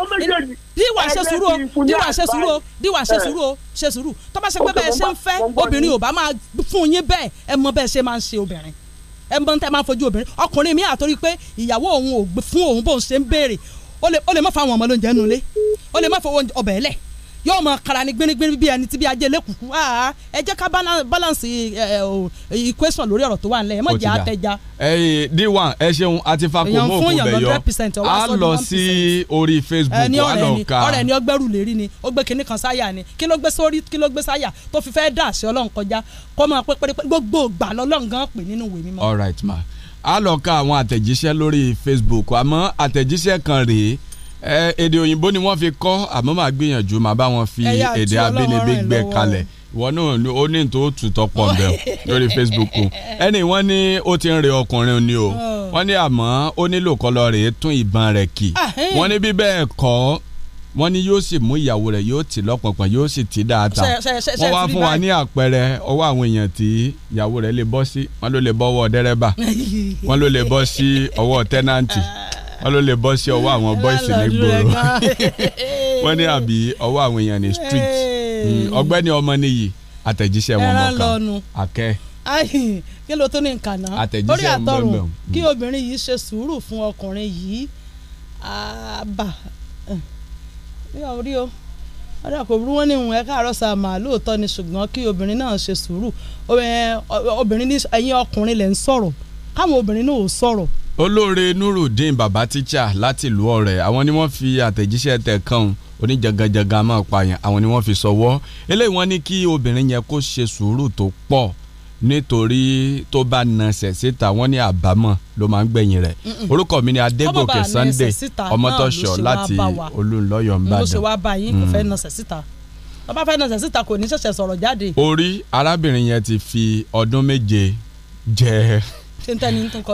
díwà ṣe sùúrù o díwà ṣe sùúrù o díwà ṣe sùúrù o ṣe sùúrù tó bá ṣe pé bẹ́ẹ̀ ṣe ń fẹ́ obìnrin ò bá máa fún yín bẹ́ẹ̀ ẹ mọ bẹ́ẹ̀ ṣe máa ń ṣe obìnrin ẹ mọ tẹ́ máa fojú obìnrin ọkùnrin mi àtọ́rí pé ìyàwó òun ò fún òun bóun ṣe ń béèrè ó lè má fa àwọn ọmọ lóúnjẹ nulẹ̀ ó lè má fowó ọbẹ̀ lẹ̀ yóò mọ kara ní gbérígbérí bí ẹni tí bí ajé lẹ́kùkú ah, ah, ẹ jẹ́ ká balance eh, eh, equation lórí ọ̀rọ̀ tó wà nílẹ̀ ẹ mọ̀ jẹ́ àtẹ̀já. ẹyin d1 ẹ ṣeun àti fakọ mọ òkú bẹyọ a lọ sí orí Facebook wa lọ ka ọ̀rẹ́ ni ọgbẹrù lérí ni ó gbé kinní kan sáyà ni kí ló gbé sórí kí ló gbé sáyà tó fi fẹ́ dà sí Ọlọ́run kọjá kọ́ máa pẹ́ pẹ́rẹ́pẹ́ gbogbo ìgbà lọ́lọ́run gan pè nínú ìwé mímọ́. all right ma a lọ ka àwọn àtẹ̀jíṣẹ́ lórí Facebook àmọ́ àtẹ̀jíṣẹ́ kan rèé èdè òyìnbó ni wọ́n fi kọ́ àmọ́ màá gbìyànjú màá bá wọn fi èdè abínibí gbẹ kalẹ̀ wọn náà ó ní tó tutọ́ pọ̀ bẹ́ẹ̀ lórí Facebook ẹni wọ́n ní ó ti ń re ọkùnrin ni o oh. wọ́n ní àmọ́ ó nílò kọ́lọ́ rèé tún ìbọn rẹ̀ kì ah, wọ́n ní bí bẹ́ẹ̀ kọ́ wọ́n ní yóò sì mú ìyàwó rẹ̀ yóò tì lọ́pọ̀pọ̀ yóò sì tì dáadáa wọ́n wá fún wa ní àpẹẹrẹ ọwọ́ àwọn èèyàn tí ìyàwó rẹ̀ lè bọ́ sí wọ́n ló lè bọ́ ọwọ́ dẹ́rẹ́bà wọ́n ló lè bọ́ sí ọwọ́ tẹ́nàntì ah wọ́n ló lè bọ́ sí ọwọ́ àwọn bọ́ìsì nígboro wọ́n ní àbí ọwọ́ àwọn èèyàn ní street hmm, ọgbẹ́ni ọmọ nìyí àtẹ̀jíṣẹ́ wọn mọ̀ọ́kan àkẹ́ kí ló tó ní nkànnà lórí àtọrùn kí obìnrin yìí ṣe sùúrù fún ọkùnrin yìí àbà rí ọ rí o ọdọ kò burú wọn ní ìwọn ẹka àrọsà màlúùtọ ni ṣùgbọ́n kí obìnrin náà ṣe sùúrù obìnrin ní ẹ̀yin ọkùnrin lè ń sọ̀rọ̀ káwọn obìnrin náà ò sọ̀rọ̀ olóore nurudeen baba tíṣà láti ìlú ọrẹ àwọn ni wọ́n fi àtẹ̀jíṣẹ́ tẹ̀ kàn oníjàngàjàngà máa pààyàn àwọn ni wọ́n fi sọwọ́ eléyìí wọ́n ní kí obìnrin yẹn kó ṣe sùúrù tó pọ̀ nítorí tó bá nàṣẹ̀ síta wọ́n ní àbámọ̀ ló máa ń gbẹ̀yìn rẹ̀ orúkọ mi ni adégòkè sunday ọmọtọ́ṣọ láti olùlọ́yọ̀ ńbàdàn. ló ṣe wá báyìí mm, kò mm. fẹ́ nàṣẹ̀ síta tó bá fẹ́ nàṣẹ̀ síta kò ní ṣẹ̀ṣẹ̀ sọ̀rọ̀ jáde. orí arábìnrin yẹn ti fi ọdún méje jẹ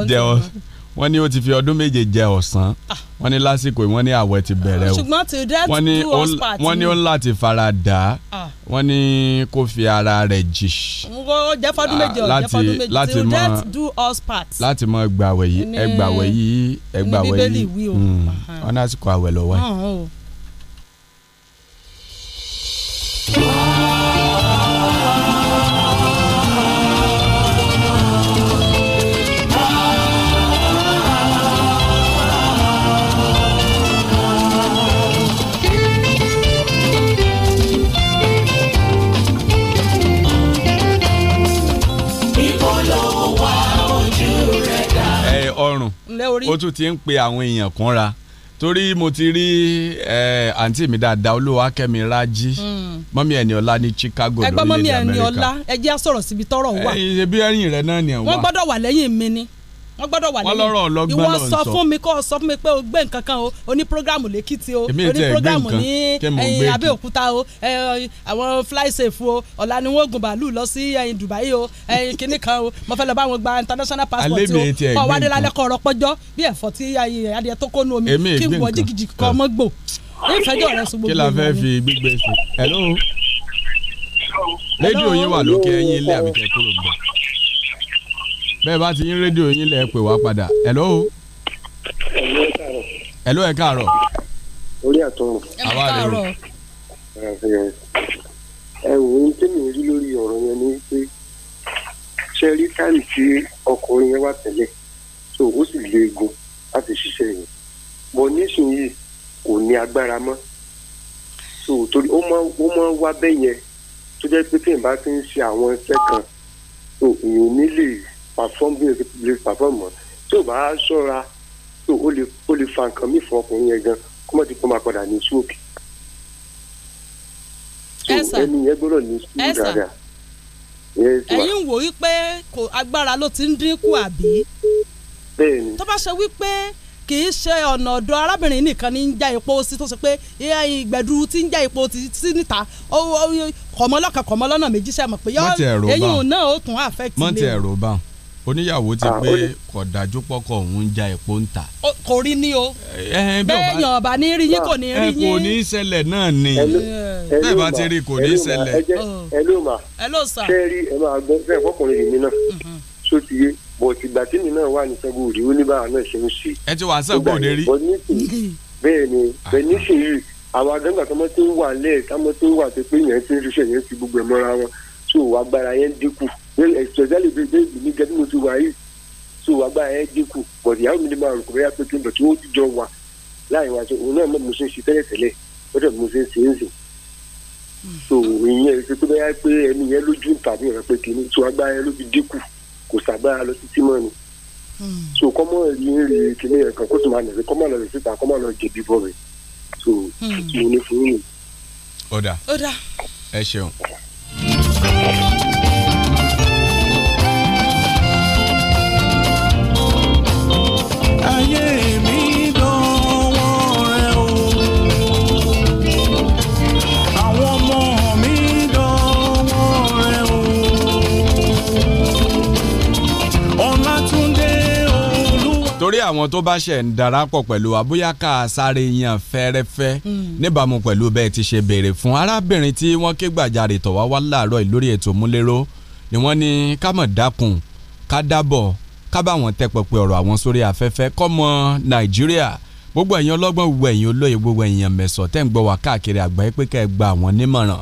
jẹ wọ́n ní ó ti fi ọdún méje jẹ ọ̀sán ah. wọ́n ní lásìkò wọ́n ní àwẹ̀ ti bẹ̀rẹ̀ o ṣùgbọ́n to that do us part wọ́n ní ó ń láti fara dà á ah. wọ́n ní kó fi ara rẹ̀ jì. ó jẹ́ fọdún ah, méje ó jẹ́ fọdún méje to that do us part. láti mọ gbàwẹ̀ yìí ẹ gbàwẹ̀ yìí ẹ gbàwẹ̀ yìí hmm. wọ́n ní àsìkò àwẹ̀ lọ́wọ́ ẹ̀. lọ́rùn ó tún ti ń pe àwọn èèyàn kúnra torí mo ti rí àǹtí mi dáadáa olówó akẹ́mi rájí hmm. mọ́mí ẹni ọlá ní Chicago lórílẹ̀‐èdè Amẹ́ríkà ẹgbẹ́ mọ́mí ẹni ọlá ẹ jẹ́ sọ̀rọ̀ síbi tọ́rọ̀ wà ẹ̀yìn ṣe bí ẹ̀yìn rẹ̀ náà ni wọ́n gbọ́dọ̀ wà lẹ́yìn mi ni wọ́n gbọ́dọ̀ wà lẹ́yìn ìwọ sọ fún mi kó sọ fún mi pé o gbé nǹkan kan o oní programu lẹ́kìtì o oní programu ní eh, abẹ́òkúta o eh, àwọn flysafe o ọ̀la ni wọ́n gùn bàálù lọ sí eh, dubai o kínní kan o mo fẹ́ lọ bá wọn gba international passport o kọ́ wá dé lálẹ́ kọ́ ọ̀rọ̀ pọ́jọ́ bí ẹ̀fọ́ tí adìẹ tó kó nu omi kí wọ́n jìgìjì kọ́ mọ́ gbò ìfẹ́jọ́ rẹ̀ sọ gbogbo ìlú. kí la fẹ́ fi gbígbé hello bẹ́ẹ̀ bá ti yín rédíò yín lẹ pè wá padà hello. hello ẹ káàárọ̀. orí àtọrọ. ẹ káàárọ̀. ẹ wò ó tẹ́lẹ̀ rí lórí ọ̀rọ̀ yẹn ni pé ṣe rí táìmù tí ọkùnrin yẹn wà tẹ́lẹ̀ tó o sì lé egun láti ṣiṣẹ́ yẹn bọ̀ nísìnyí kò ní agbára mọ́ so torí ó máa ń wá bẹ́yẹn tó jẹ́ pé tí n bá ti ń ṣe àwọn iṣẹ́ kan so èèyàn ò ní pàfọ́m bí o lè pàfọ́m mọ́ tí o bá ṣọ́ra tó o lè o lè fa nǹkan mí fún ọkùnrin yẹn gan kó má ti kó máa padà ní sóòkì. ẹni yẹn gbọ́dọ̀ ní sùúrù dáadáa. ẹ̀yin ń wò ó pé kò agbára ló ti ń dínkù àbí. bẹ́ẹ̀ni. tó bá ṣe wípé kì í ṣe ọ̀nà ọ̀dọ̀ arábìnrin nìkan ní ń já epo sí tó ṣe pé ìgbẹ̀dúrú ti ń já epo sí níta kọ̀mọ́lọ́kan kọ̀mọ́lọ́nà méjì ṣe mọ̀ pé yọ ẹ̀yìn òun náà ó tún àfẹ́ tilé. mọ́tì ẹ̀rọ báwọn oníyàwó ti ah, pé kọ̀dájú pọ́kọ̀ òun ń ja epo ń ta. kò rí ni o eh, eh, bẹ́ẹ̀ yàn ọ̀bà ní rí yín kò ní ah, rí eh, yín. ẹ kò ní í ṣẹlẹ̀ náà ni bẹ́ẹ̀ bá ti rí kò ní í ṣẹlẹ̀. ẹ oh. ló mà ẹ ló sà. ṣé rí ẹ máa gbọ́ bẹ́ẹ̀ fọkùnrin yìí náà só mm-hmm. ti yé bọ̀ tìgbà tí mi náà wà ní Ṣẹ́gun Òde ó ní báwa náà ṣe ń ṣe. ẹ ti wà Ṣẹ́gun Òde rí. Mm-hmm. bẹ́ẹ̀ ni ah. bẹ́ẹ̀ ní sèyí àwọn agbẹ́gbà tó mọ́ tó wà lẹ́ẹ̀ tó mọ́ tó wà tó pé yẹn ti ń ṣiṣẹ́ yẹn ti gbogbo ẹ̀ mọ́ra wọn tó agbára yẹn dínkù especially bí bẹ́ẹ̀ mi gẹ́gẹ́ bí mo ti wà yìí so agbára yẹn dínkù but ìyàwó mi ni máa rò bóyá pé kí n bọ̀ tí wọ́n ti jọ wà láàrin wa so òun náà mọ̀ mo ṣe ń ṣe tẹ́lẹ̀tẹ́lẹ̀ lọ́dọ̀ mo ṣe ń ṣe ń sìn so ìyẹn ṣe pé bóyá pé ẹni yẹn lójú tàbí ìrìn pé kìíní so agbára yẹn ló fi dínkù kò sàgbára lọ títí mọ́ ni so kọ́mọ yìí rí kìíní yẹn kan kó sì máa nàlẹ́ kọ́mọ lọ síta kọ́mọ lọ jẹ̀bi bọ̀ rẹ̀ so mo ní fún yìí. ọ̀dà ọ̀dà ẹ ṣeun. torí àwọn tó bá ṣẹ̀ ń darapọ̀ pẹ̀lú abóyá ká sáré yan fẹ́rẹ́fẹ́ hmm. níbàámu pẹ̀lú bẹ́ẹ̀ ti ṣe béèrè fún arábìnrin tí wọ́n ké gbàjarè tọ̀ wá wá láàárọ̀ lórí ètò múlẹ́rọ́ ni wọ́n ní ká mọ̀ dákun ká dábọ̀ ká bá wọn tẹ pẹpẹ ọ̀rọ̀ àwọn sórí afẹ́fẹ́ kọ́mọ Nàìjíríà gbogbo ẹ̀yin ọlọ́gbọ́n gbogbo ẹ̀yin olóye gbogbo ẹ̀yin mẹ̀sọ̀ tẹ́ ń gbọ́ wá káàkiri àgbáyé pé ká ẹ gba àwọn nímọ̀ràn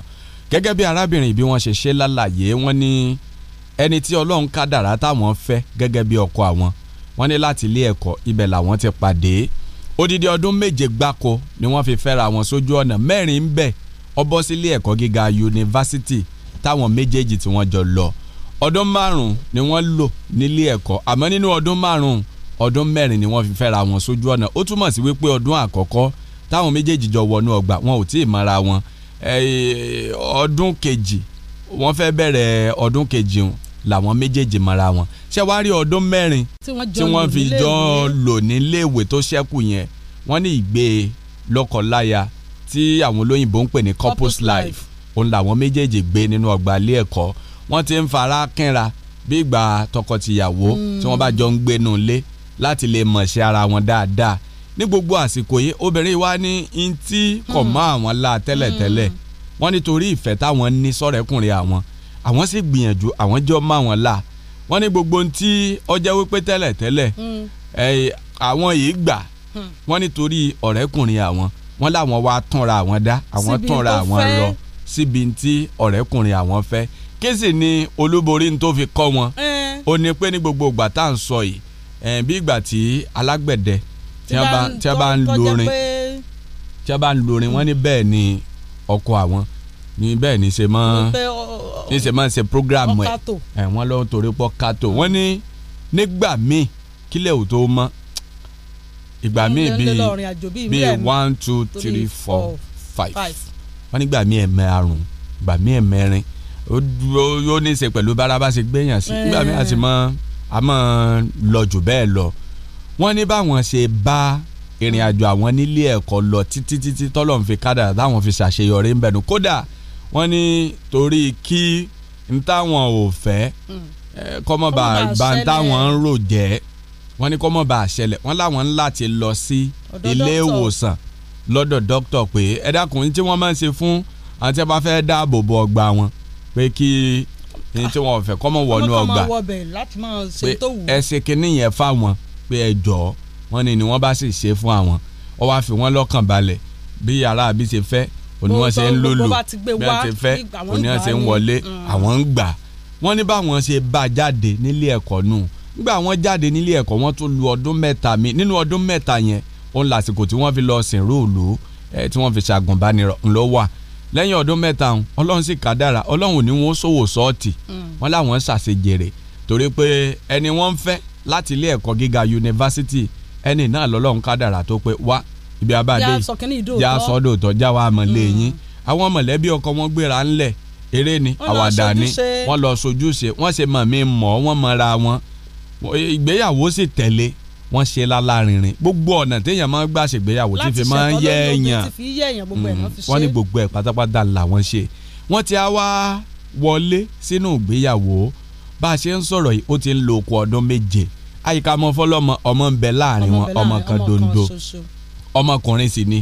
gẹ́gẹ́ bí arábìnrin bí wọ́n ṣe ṣe lálàyé wọ́n ní ẹni tí Ọlọ́run kádàrá táwọn fẹ́ gẹ́gẹ́ bí ọkọ àwọn wọ́n ní láti ilé ẹ̀kọ́ ibẹ̀ làwọn ti pàdé odidi ọdún méje gbáko ni wọ́n fi fẹ́ra wọn sójú ọ̀nà mẹ́rin ń bẹ̀ ọbọ̀ sílé ẹ̀kọ́ gíga yunifásitì táwọn méjèèjì tí wọ́n jọ lọ ọdún márùn-ún ni wọ́n lò nílé ẹ̀kọ́ àmọ́ nínú ọdún márùn-ún ọdún mẹ́rin ni wọ́n fi fẹ́ra wọn sójú ọ̀nà ó túmọ̀ sí wípé ọdún àkọ́kọ́ táwọn méjèèjì jọ wọnú ọgbà wọn ò tí ì mara wọn ọdún kejì wọ́n fẹ́ bẹ̀rẹ̀ ọdún kejì làwọn méjèèjì mọ́ra wọn ṣé wàá rí ọdún mẹ́rin tí wọ́n fi jọ lò níléèwé tó ṣẹ́kù yẹn wọ́n ní ìgbé lọ́kọ̀láya tí àwọn olóyìnbó ń pè ní couples life òun làwọn méjèèjì gbé nínú ọgbà ilé ẹ̀kọ́ wọ́n ti ń fara kínra bí ìgbà tọkọtìyàwó hmm. tí wọ́n bá jọ ń gbénu ilé láti lè mọ̀ sí ara wọn dáadáa ní gbogbo àsìkò yìí obìnrin wa ní ntí kọ̀ hmm. mọ́ àwọn la tẹ́lẹ̀tẹ́lẹ̀ hmm. wọ́n nítorí ìfẹ́ táwọn ní sọ́rẹ́kùnrin àwọn àwọn sì gbìyànjú àwọn jọ má wọn la wọ́n ní gbogbo ohun tí ọjà wípé tẹ́lẹ̀ tẹ́lẹ̀ hmm. àwọn yìí gbà hmm. wọ́n nítorí ọ̀rẹ́kùnrin àwọn wọ́n láwọn wá tànra àwọn dá àwọn tànra àwọn lọ síbi tí ọ̀rẹ́kùnrin àwọn fẹ́ kéèsì ni olúborí tó fi kọ́ wọn eh. ó ní pé ní gbogbo ìgbà tá à ń sọ yìí bí ìgbà tí alágbẹ̀dẹ tí a bá ń lorin tí ní bẹ́ẹ̀ ni ọkọ àwọn ní bẹ́ẹ̀ ní ṣe máa ní ṣe máa ṣe programu ẹ̀ ẹ̀ wọ́n lọ́wọ́ torí pọ̀ kátó wọ́n ní nígbà míì kílẹ̀ ò tó mọ́ ìgbà míì bíi bíi one two three four five wọ́n nígbà míì ẹ̀mẹ́ àrùn ìgbà míì ẹ̀mẹ́rin ó ní í ṣe pẹ̀lú bárabá ṣe gbẹ̀yàn sí ìgbà míì àti mọ́ àmọ́ lọ jù bẹ́ẹ̀ lọ wọ́n ní báwọn ṣe bá ìrìn àjò àwọn nílé ẹ̀kọ́ lọ títí títí tọ́lọ́run fi kádà táwọn fi ṣàṣeyọrí ń bẹ̀nu kódà wọ́n ní torí kí n táwọn ò fẹ́ kọ́mọba bá ń táwọn ń rò jẹ́ wọ́n ní kọ́mọba àṣẹlẹ̀ wọ́n láwọn ń láti lọ sí ilé ìwòsàn lọ́dọ̀ dókítà pé ẹ dákun tí wọ́n máa ń ṣe fún àwọn tí wọ́n bá fẹ́ dáàbò bo ọgbà wọn pé kí ní tí wọ́n fẹ́ kọ́mọ wọnú ọgbà pé ẹ ṣe kínní yẹn fáwọn pé ẹ jọ̀ọ́ wọ́n ní ni wọ́n bá sì ṣe fún àwọn ó wá fi wọ́n lọ́kàn balẹ̀ bí yàrá àbí ṣe fẹ́ òní wọ́n ṣe ń lòlò bí wọ́n ti fẹ́ òní wọ́n ṣe ń wọlé mm. àwọn ń gbà wọ́n ní báwọn ṣe bá jáde nílé ẹ̀kọ́ nù nígbà wọ́n jáde nílé ẹ̀kọ́ wọ́n tún lu ọdún mẹ́ta mi nínú ọdún mẹ́ta yẹn òun lásìkò tí wọ́n fi lọ sìn róòlù tí wọ́n fi ṣàgùnbánirọ̀ ńlọ wà lẹ́yìn ọdún mẹ́ta ọlọ́run sì kádàrá ọlọ́run ni wọ́n ṣòwò sọ́ọ̀tì mm. wọ́n láwọn ṣàṣejèrè torí pé ẹni wọ́n ń fẹ́ láti ilé ẹ̀kọ́ gíga yunifásitì ẹni náà lọ́lọ́run kádàrá tó pé wá ibi abáde já sọ dòótọ́ já wa mọ̀ lé yín mm. àwọn mọ̀lẹ́bí ọkọ wọn gbéra ńlẹ̀ eré ni àwàdà ni wọ́n lọ sojúṣe wọ́n ṣe mọ̀ mí mọ̀ wọ́n mọ̀ra wọn ìgbéyàwó sì tẹ̀lé wọ́n ṣe lálárinrin gbogbo ọ̀nà téèyàn máa ń gbà ṣègbéyàwó tí fi máa ń yẹ èèyàn mm-hmm. wọ́n ní gbogbo ẹ̀ pátápátá làwọn ṣe wọ́n ti á wá wọlé sínú ìgbéyàwó bá a ṣe ń sọ̀rọ̀ yìí ó ti ń lo oko ọdún méje àyíká ọmọ fọlọ́mọ ọmọ ń bẹ láàrin wọn ọmọ kan dondo ọmọkùnrin sì ni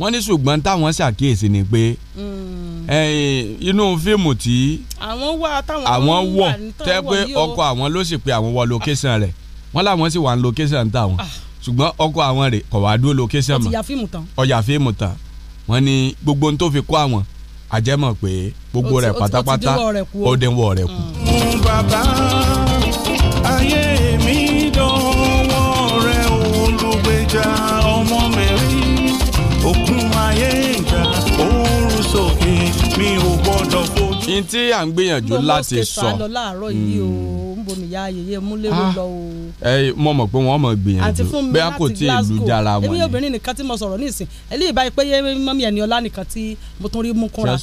wọ́n ní ṣùgbọ́n táwọn ṣàkíyèsí ni pé hmm. inú fíìmù tí àwọn wọ̀ tẹ́ pé ọkọ̀ àwọn ló sì pé àwọn wọ location rẹ̀ wọ́n láwọn sì wà ní location táwọn ah. ṣùgbọ́n ọkọ̀ àwọn rẹ̀ kọ̀ wá dúró location mọ́ ọ̀yà fíìmù tán wọ́n ní gbogbo tó fi kó àwọn àjẹmọ̀ pé gbogbo rẹ̀ pátápátá ó dínwó rẹ̀ kù. bàbá ayé n tí à ń gbìyànjú láti sọ ẹ mo mọ̀ pé wọ́n mọ̀ gbìyànjú bí a kò tí ì lu dára wọn. èmi obìnrin nìkan tí mo sọ̀rọ̀ ní ìsìn eléyìí báyìí pé yé mọ́mí ẹni ọlá nìkan tí mo tún rí mú kúnra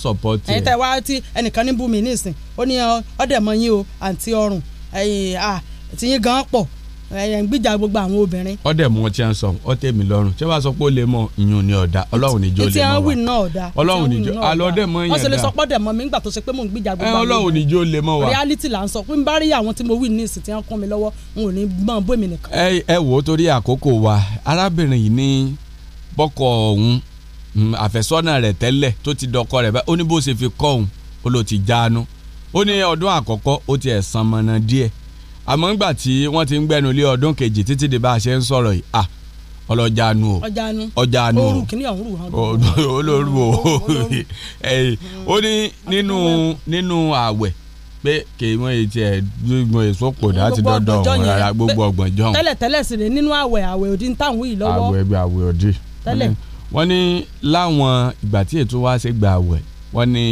ẹ̀yin tẹ̀ wá tí ẹnìkan ní bú ní ìsìn ó ní ọ̀dẹ̀ mọ́ yín o àǹtí ọrùn ẹ̀yìn à tìyín gan pọ̀ gbíjà gbogbo àwọn obìnrin. ọ dẹ wọn ti ń sọ ọtẹ mi lọ́rùn tí wọn bá sọ pé ó ni ọdá Ọlọ́run níjó lè mọ wa etí ẹwìn náà Ọlọ́run mọ yẹn pé mò ń gbogbo àwọn obìnrin Ọlọ́run lè wa reality là ń sọ pé n bá rí àwọn tí mo wí ní ìsìn tí kún mi lọ́wọ́ ẹ ẹ ó torí àkókò wa arábìnrin yìí ní àmọ́ ńgbà tí wọ́n ti ń gbẹ́nu lé ọdún kejì títí di bá a ṣe ń sọ̀rọ̀ yìí ah ọlọ́jà nu o ọjà nu o olóru o ó ní nínú nínú ààwẹ̀ pé kèémọ etí ẹ gbogbo èso pò láti dọdọ ọhún rárá gbogbo ọgbọ̀njọ́ ọhún. tẹ́lẹ̀ tẹ́lẹ̀ sì ni nínú ààwẹ̀ ààwẹ̀ òdì ń tàwọn yìí lọ́wọ́ ààwẹ̀ bí ààwẹ̀ òdì. tẹ́lẹ̀ wọ́n ní láwọn ìgbà tí ètò wa ṣe gbà ààwẹ̀ wọ́n ní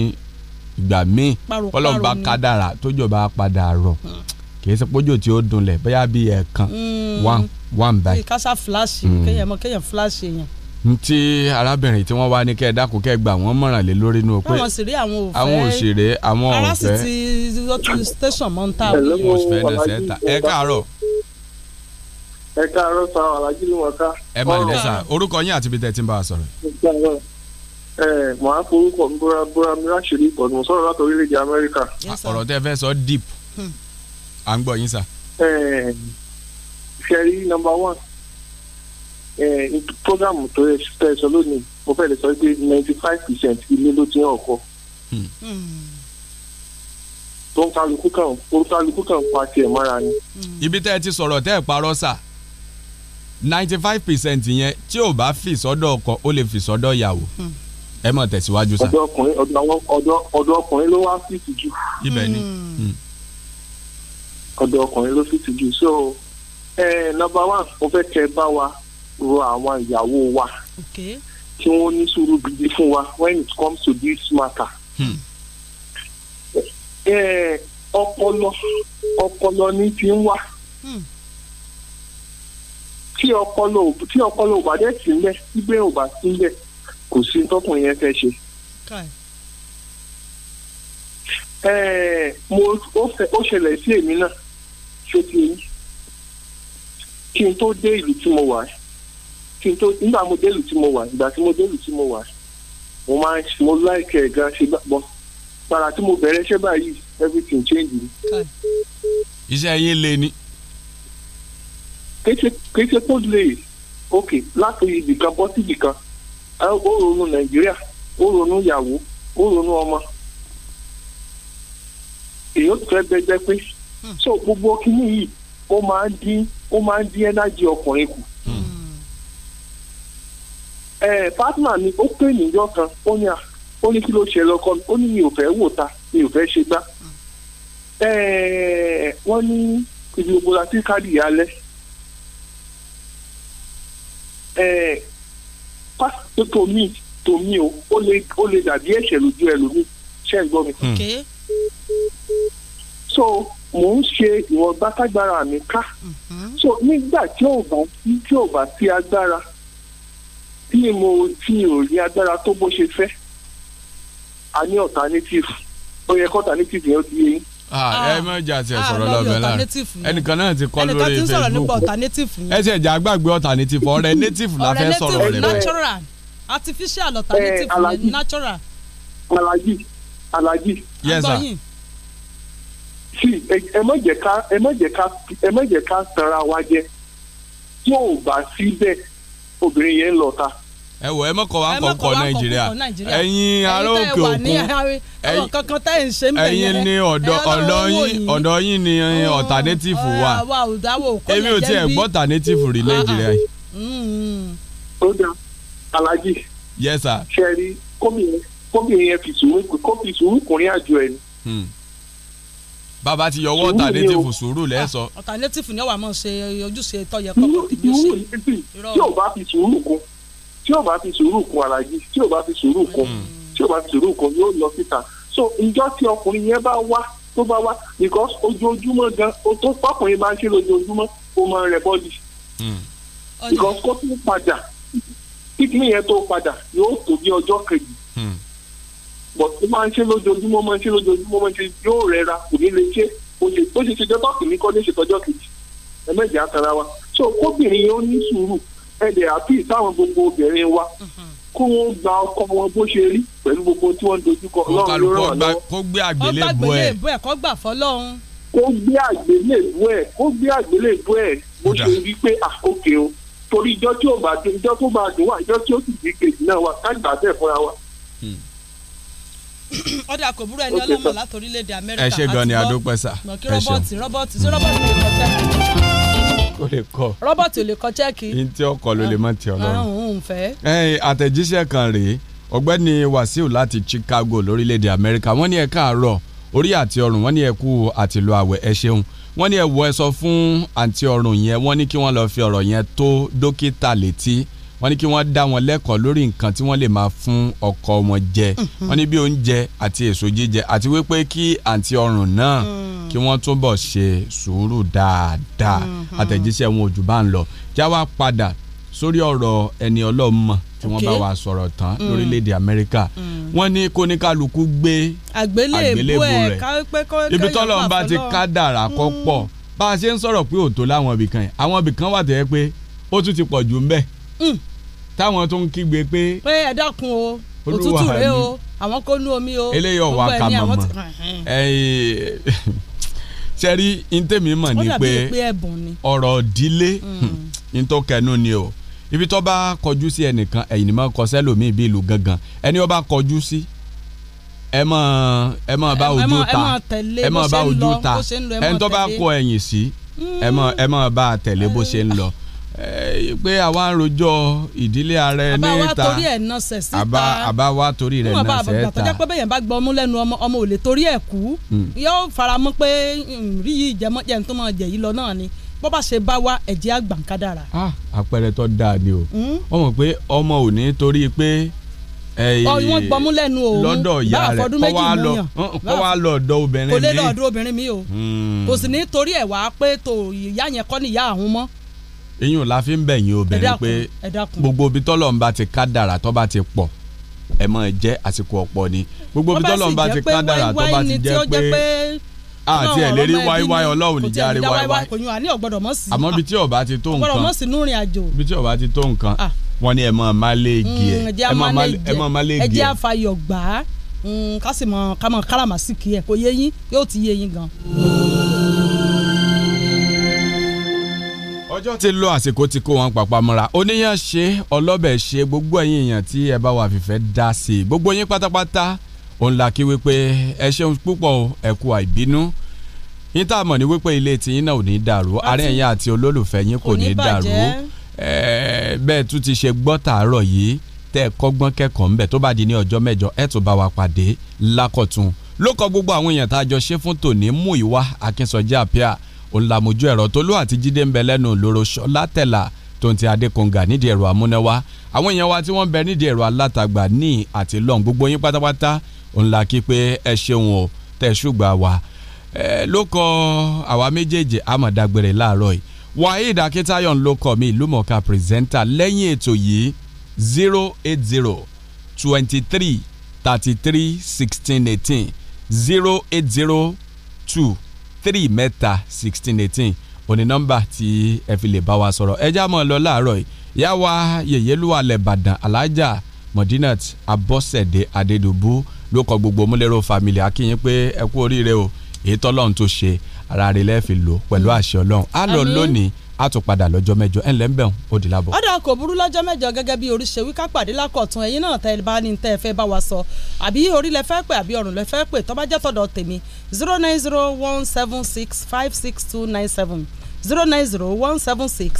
ìgbà míì ọlọ́run bá kádàrà tójọba padà rọ̀. Hmm kì í ṣe pójò tí ó dunlẹ̀ bóyá bíi ẹ̀ẹ̀kan hmm. one one by. bíi kásá fúláṣì kéèyàn hmm. mọ kéèyàn fúláṣì yẹn. n ti arábìnrin tí wọ́n wá ní kẹ́ ẹ dákun kẹ́ ẹ gbà wọ́n mọ̀ràn lé lórí inú pé àwọn òṣèré àwọn òfẹ́ àwọn òṣèré àwọn òfẹ́. ara sì ti lọ tu station mọ́ńtà. ẹ káàárọ̀. ẹ káàárọ̀ sa alájí ló wọ́n ká. ẹ má ilẹ̀ sá orúkọ yín àti ibi tẹ́ ti ń bá a sọ̀rọ̀. ẹ káàárọ̀ ẹ mọ̀ á forúkọ mi láṣìírí ìkọ̀nù sọ̀rọ̀ látọ̀ orílẹ̀-èdè Amẹ́ríkà. ọ̀rọ̀ tẹ́ fẹ́ sọ deep. Hmm. à ń gbọ́ yín sà. ṣe rí nọ́mbà one programu tó yẹ fẹ́ sọ lónìí mo fẹ́ lè sọ pé ninety five percent ilé ló ti ń ọkọ. Hmm. Hmm. tó ń kálukú kan tó ń kálukú kan pa tiẹ̀ mọ́ra ni. Hmm. ibi tẹ́ ẹ ti sọ̀rọ̀ tẹ́ ẹ parọ́ sà ninety five percent yẹn tí ò bá fi sọ́dọ̀ ọkọ ó lè fi sọ́dọ̀ ìyàwó ẹ mọ̀ tẹ̀síwájú sà. ọ̀dọ̀ ọkùnrin ọ̀dọ̀ ọkùnrin ló wá fìtì jù. ibẹ̀ ni. Mm. Mm. ọ̀dọ̀ ọkùnrin ló sì ti jù so number one mo fẹ́ kẹ́ ẹ bá wa rọ àwọn ìyàwó wa kí wọ́n ní sùúrù gidi fún wa when it comes to this matter. Hmm. ọpọlọ ọpọlọ ní ti ń wá hmm. tí ọpọlọ tí ọpọlọ ò bá dẹ̀ sí ńbẹ̀ gbígbé ò bá sí ńbẹ̀ kò sí tọkùnrin yẹn fẹ́ ṣe. mo ó ṣẹlẹ̀ sí èmi náà tí ó ti ń kí n tó dé ìlú tí mo wà kí n tó nígbà mo dé ìlú tí mo wà ìgbà tí mo dé ìlú tí mo wà mo máa ń mo láìkẹ́ ẹ̀gá ṣe gbàgbọ́ para tí mo bẹ̀rẹ̀ ṣẹ́ báyìí everything change ni. iṣẹ́ yín le ni. kéṣe kó lè òkè láti ibìkan bọ́ sí ibìkan ó ronú nàìjíríà ó ronú ìyàwó ó ronú ọmọ èyí ó fẹ́ bẹ́ẹ̀ jẹ́ pé so gbogbo kínní yìí o máa ń dín ó máa ń dín ẹnájì ọkùnrin kù. partner hmm. eh, mi ó pè níjọ́ kan ó ní ó ní kí ló ṣe lọ́kọ mi ó ní mi o fẹ́ wò ta mi ò fẹ́ ṣe gbá. Hmm. Eh, wọ́n ní ibi gbogbo la ti káàdì alẹ́ pásítọ̀ eh, tó mi tòmí o ó lè dàbí ẹ̀ṣẹ̀ lójú ẹlòmíì ṣe ń gbọ́ mi. Hmm so mò ń ṣe ìwọ̀nba tágbára mi ká mm-hmm. so nígbà tí ò bá tí tí ò bá sí agbára tí mo ti ò rí agbára tó bó ṣe fẹ́ a ní alternative ó yẹ kó alternative yẹn ó di eyín ah, ẹ mọ ìjà tí ẹ ah, sọ̀rọ̀ lọbẹ láàrin ẹnìkan náà ti kọ lórí facebook ẹ ti ẹjà gbàgbé alternative ọ̀rẹ́ native la fẹ́ sọ̀rọ̀ rẹ bẹ́ẹ̀ natural artificial eh, alternative natural. alaji alaji yes sir tí ẹ má jẹ́ ká ẹ má jẹ́ ká ẹ má jẹ́ ká tanra wa jẹ tí ò bá síbẹ̀ obìnrin yẹn ń lọ ta. ẹ wọ ẹ mọkọ wa ń kọ nàìjíríà ẹ̀yin ará òkè òkun ẹ̀yin ni ọ̀dọ̀ ọ̀dọ̀ yín ọ̀dọ̀ yín ni oh, ọ̀tànétífù wa èmi ò tiẹ̀ gbọ́ ọ̀tànétífù rí ah, ah. nàìjíríà yìí. Mm-hmm. ó dá alájì. yes sir. ṣe rí kóbìnrin yẹn fi sùúrù kóbìnrin sùúrù kùnrin àjọ ẹni bàbá ti yọwọ́ ọ̀tàlétífù sùúrù lẹ́sọ. Ah, ọ̀tàlétífù ni ó wà máa ṣe ojúṣe tọ́yẹ kọ́kọ́ tèmi ó ṣe. tí ò bá fi sùúrù kún tí ò bá fi sùúrù kún alájí tí ò bá fi sùúrù kún hmm. tí ò bá fi sùúrù kún yóò lọ síta so ìjọ tí ọkùnrin yẹn bá wá tó bá wá because ojoojúmọ́ gan o tó pọ́kùnrin máa ń ṣe lójoojúmọ́ o máa rẹ̀ bọ́ọ̀dì hmm. because kó tó padà kíkìlì yẹn tó padà yóò tó bí ọjọ́ kejì hmm but ó máa ń ṣe lójoojúmọ́ máa ń ṣe lójoojúmọ́ máa ń ṣe yóò rẹra kò ní lè ṣe ó ṣe bó ṣe ṣe jọ́tọ̀ kìíní kọ́ ní ṣètọ́jọ́ kejì ẹ̀mẹ́jì àtàrà wa so kóbìnrin yẹn ní sùúrù ẹ̀dẹ̀ àbí ìtàwọn gbogbo obìnrin wa kó wọn gba ọkọ wọn bó ṣe rí pẹ̀lú gbogbo tí wọ́n dojúkọ ọlọ́run ló ràn o torí ìjọ́ tí ò bá dùn ìjọ́ tó bá dùn wà ìjọ́ tí ó sì di náà wà ká gbà bẹ́ẹ̀ fúnra wa. Hmm ọ̀dà kò burú ẹni ọlọ́mọ láti orílẹ̀-èdè amẹ́ríkà àti bọ́ ẹ ṣe gan rọ́bọ̀tì rọ́bọ̀tì sí rọ́bọ̀tì lè kọ chẹ́ẹ̀kì. kò lè kọ rọ́bọ̀tì ò lè kọ chẹ́ẹ̀kì. n tí ọkọ ló lè mọ ti Ọlọ́run. àtẹ̀jíṣẹ́ kan rèé ọ̀gbẹ́ni Wàsíù láti Chicago lórílẹ̀‐èdè Amẹ́ríkà wọ́n ní ẹ káàárọ̀ orí àti ọrùn wọ́n ní ẹ kú àtìlú àwẹ̀ ẹ ṣeun wọ́n ní ẹ wọ ẹ sọ fún àǹtí ọrùn yẹn wọ́n ní kí wọ́n lọ́ọ́ fi ọ̀rọ̀ yẹn tó dókítà létí wọ́n ní kí wọ́n dá wọn lẹ́kọ̀ọ́ lórí nǹkan tí wọ́n lè máa fún ọkọ wọn jẹ mm-hmm. wọ́n ní bí oúnjẹ àti èso jíjẹ àti wípé kí àǹtí ọrùn náà mm. kí wọ́n túbọ̀ ṣe sùúrù dáadáa mm-hmm. àtẹ̀jíṣẹ́ wọn ojú bá ń lọ já wa padà sórí ọ̀rọ̀ ẹni ọlọ́mọ tí wọ́n bá wa sọ̀rọ̀ tán mm. lórílẹ̀‐èdè Amẹ́ríkà mm. wọ́n ní kóníkálukú gbé àgbélébù rẹ̀ ibi tọ́lọ́run bá ti kádàrá kọ́ pọ̀ bá a ṣe ń sọ̀rọ̀ pé òótọ́ láwọn ibìkan yẹn àwọn ibìkan wà tẹ́ pé ó tún ti pọ̀ jù ń bẹ́ẹ̀ táwọn tó ń kígbe pé. pé ẹ dákun o òtútù rẹ o àwọn kò nu omi o. eléyìí ọ̀wà kà mọ̀mọ́ sẹ́rí ntẹ̀mí mọ̀ ni pé ọ̀rọ̀ ìdílé hmm. hmm, ntọ́kẹ́nu ni o ibi tó bá kọjú sí ẹnìkan ẹ̀yìn ni máa kọ sẹ́lòmíì bí ìlú gangan ẹni ó bá kọjú sí ẹ mọ bá ojú ta ẹ mọ bá ojú ta ẹni tó bá kọ ẹ̀yìn sí ẹ mọ ẹ bá tẹ̀lé bó ṣe ń lọ Eh, pé àwa ń rojọ́ ìdílé ara ẹ níta àbá àbá wa torí rẹ̀ náà sẹ́ta. àbá àtọ́jà pé bẹ́yẹn bá gbọ́ ọmú lẹ́nu ọmọ ọmọ ò lè torí ẹ̀ kú hmm. yóò faramọ́ pé hmm, rí yìí jẹ́mọ́ jẹ́ tó máa jẹ́ yìí lọ náà ni bó bá ṣe bá wa ẹ̀jẹ̀ àgbàǹkádàrà. Ah, àpẹẹrẹ tó dáa ni o hmm? wọ́n mọ̀ pé ọmọ ò ní torí pé eh, wọ́n gbọ́mú lẹ́nu òun lọ́dọ̀ ìyá rẹ̀ kọ́ wa lọ ọ̀dọ̀ obìnrin mi kò lè lọ ọ̀dọ̀ obìnrin mi o kò sì ní torí ẹ̀ wá pé tó ìyá yẹn kọ́ iyún la fi ń bẹ̀yìn obìnrin pé gbogbo ibi tọ́lọ̀ ń bá ti ká dàrà tó bá ti pọ̀ ẹ mọ̀ jẹ́ àsìkò ọ̀pọ̀ ni gbogbo ibi tọ́lọ̀ ń bá ti ká dàrà tó bá ti jẹ́ pé àti ẹ̀ lérí wáíwáí ọlọ́run níjà rí wáíwáí àmọ́ ibi tí ọba ti tó nǹkan ibi tí ọba ti tó nǹkan wọ́n ní ẹ mọ̀ máléègì ẹ ẹ mọ̀ máléègì mm, ẹ jẹ́ àfàyọ̀ gbà á kásìmọ̀ mm, kámọ̀ káràmásìkì ẹ̀ kò yé yín yóò ti yé yín gan ọjọ́ ti lọ àsìkò ti kó wọn pàpà mọ́ra oníyàn ṣe ọlọ́bẹ̀ ṣe gbogbo ẹ̀yin èèyàn tí ẹ bá wà fìfẹ́ dá sí i gbogbo yín pátápátá òun là kí wípé ẹ ṣeun púpọ̀ ẹ kú àìbínú yín tá a mọ̀ ní wípé ilé tiyín náà ò ní dàrú àárín ẹ̀yin àti olólùfẹ́ yín kò ní dàrú bẹ́ẹ̀ tún ti ṣe gbọ́ tààrọ̀ yìí tẹ́ ẹ kọ́gbọ́n kẹ́kọ̀ọ́ ńbẹ̀ tó bá di ní ọjọ́ mẹ́jọ ẹ tún bá wa pàdé lákọ̀tún ló gbogbo àwọn èèyàn tá a jọ ṣe fún tòní mú ìwá akínsọjí àpíà olùlàmójú ẹ̀rọ tolú àti jíde ń bẹ lẹ́nu lóró ṣọlá tẹ̀là tó ń ti adékọ̀ǹgà nídìí ẹ̀rọ amúnẹ́wá àwọn èèyàn wa tí wọ́n ń bẹ nídìí ẹ̀rọ alátagbà ní àti lọ́n gbogbo yín pátápátá òun la kí pé ẹ ṣeun o tẹ̀ ṣùgbà wa ló kọ àwa méjèèjì amọ̀dàgbèrè láàárọ̀ yìí waheed akitayon ló kọ mi ìlúmọ̀ọ́ká pírẹsẹ́ńtà lẹ́yìn ètò yìí zero eight zero twenty three thirty three sixteen eighteen zero eight zero two three mẹ́ta sixteen eighteen òní nọ́mbà tí ẹ fi lè bá wa sọ̀rọ̀ ẹ já mọ́ ọ lọ láàárọ̀ yìí yá wa yèyélúwà lẹ́bàdàn alájà Modinat Abọ́sẹ̀dé Adédùbú ló kọ gbogbo múlẹ́rọ fàmìlì akínyìn pé ẹ kú oríire o èyí tọ́lọ́run tó ṣe ara rẹ̀ lẹ́ẹ̀fì lò pẹ̀lú àṣẹ ọlọ́run á lọ lónìí a tún padà lọ́jọ́ mẹ́jọ ẹ̀ ń lẹ́ ń bẹ̀ ó di lábọ̀. ọ̀dà kò burú lọ́jọ́ mẹ́jọ gẹ́gẹ́ bí orí ṣe wí ká pàdé lákọ̀tún ẹ̀yin náà tẹ́ ẹ bá ní tẹ́ ẹ fẹ́ bá wa sọ àbí orí lẹ fẹ́ pè àbí ọ̀run lẹ fẹ́ pè tó bá jẹ́ tọ̀dọ̀ tèmi zero nine zero one seven six five six two nine seven zero nine zero one seven six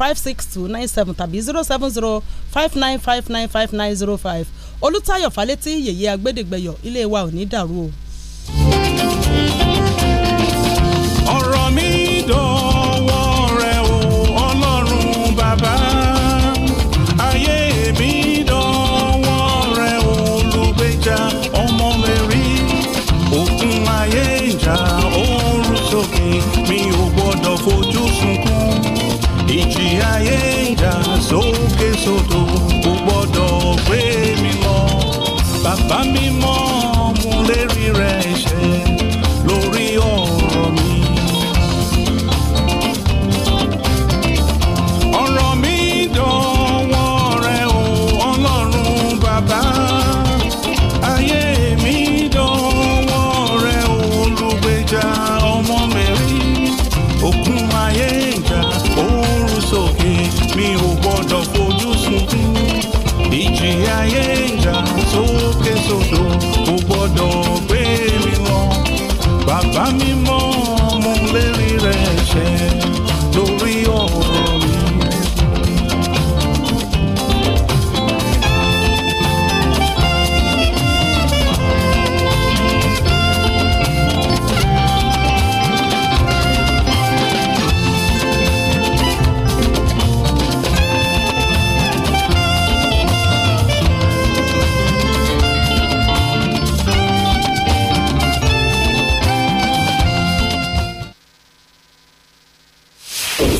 five six two nine seven tàbí zero seven zero five nine five nine five nine zero five olùtayọ̀ falẹ́tí yèyé agbẹ́dẹ́gbẹ́yọ̀ ilé wa ò ní dàrú o.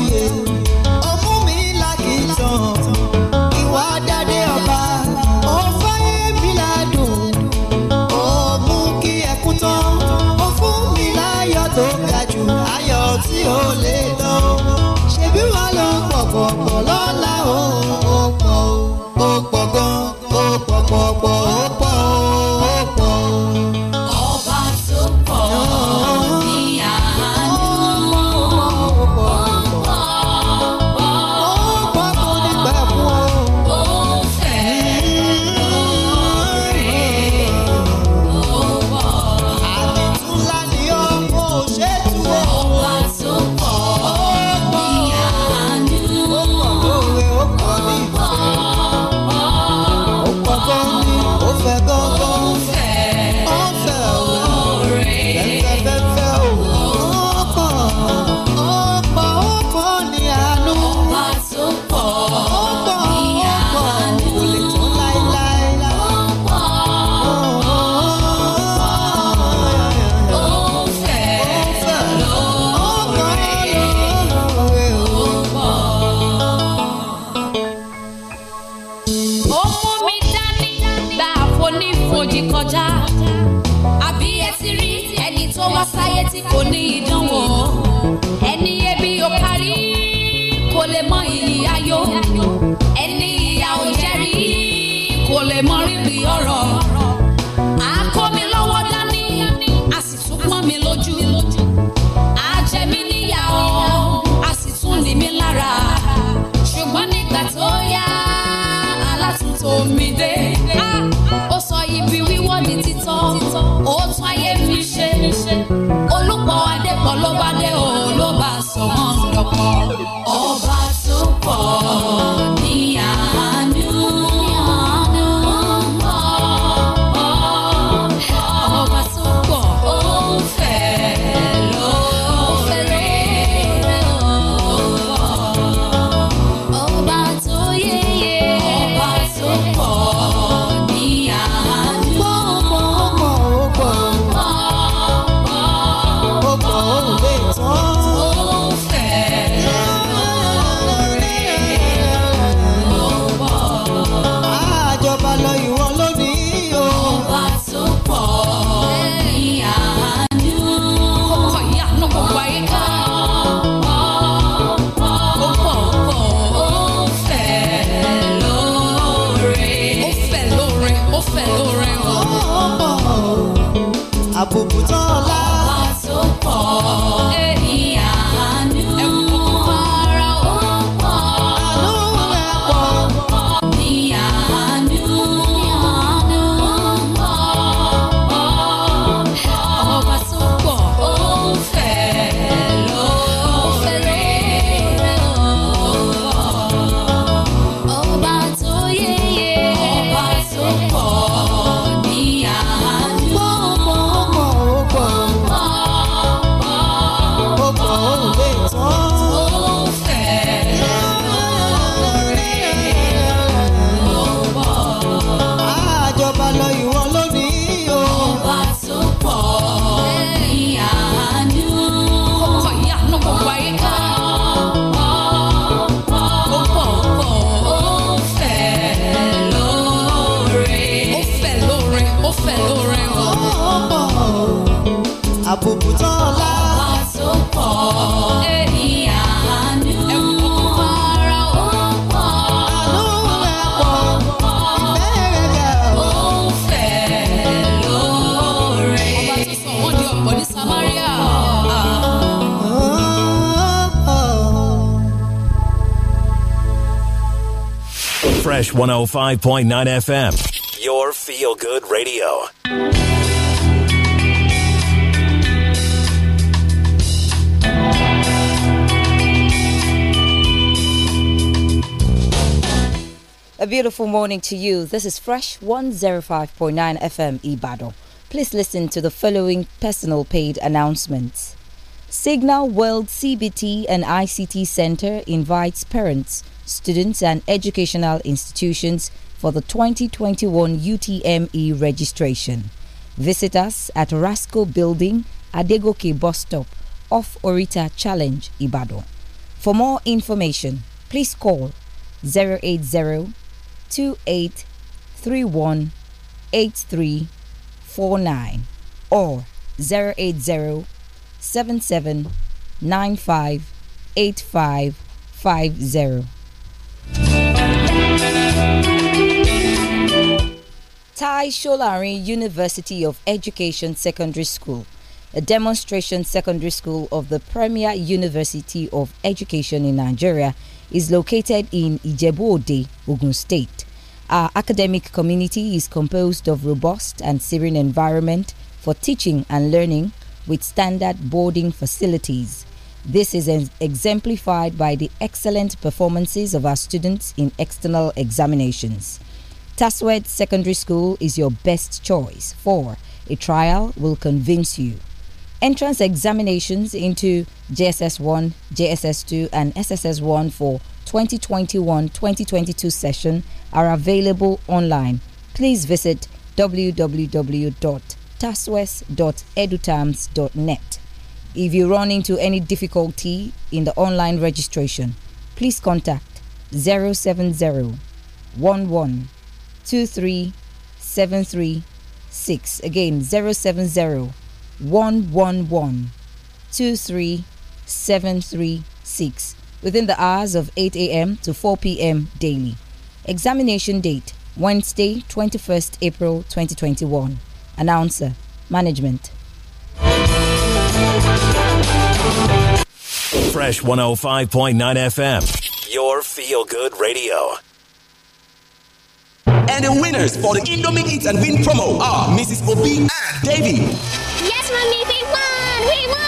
yeah. lè mọ rírì ọ̀rọ̀ á kó mi lọ́wọ́ dání a sì tún pọ́n mi lójú á jẹ mí níyà o a sì tún ní mi lára ṣùgbọ́n nígbà tó yá alátúntò mi dé ó sọ ibi wíwọ́ di títọ́ ó tún ayé mi ṣe olùpọ̀ adẹ́kọ̀ọ́ ló bá dé o ló bá sọ wọ́n lọ́pọ̀. Fresh 105.9 FM, your feel good radio. A beautiful morning to you. This is Fresh 105.9 FM Ibado. Please listen to the following personal paid announcements. Signal World CBT and ICT Center invites parents students, and educational institutions for the 2021 UTME registration. Visit us at Rasco Building, Adegoke Bus Stop, off Orita Challenge, Ibado. For more information, please call 080 2831 8349 or 080 77 8550. Tai Sholari University of Education Secondary School, a demonstration secondary school of the premier University of Education in Nigeria, is located in Ijebu-Ode, Ogun State. Our academic community is composed of robust and serene environment for teaching and learning with standard boarding facilities. This is exemplified by the excellent performances of our students in external examinations. Taswed Secondary School is your best choice, for a trial will convince you. Entrance examinations into JSS 1, JSS 2, and SSS 1 for 2021 2022 session are available online. Please visit www.taswes.edutams.net. If you run into any difficulty in the online registration, please contact 070 11 Again, 070 111 23736 within the hours of 8 a.m. to 4 p.m. daily. Examination date Wednesday, 21st April 2021. Announcer Management. Fresh 105.9 FM, your feel good radio. And the winners for the Indomie Eat and Win promo are Mrs. Obi and Davy. Yes, mommy, we won! We won!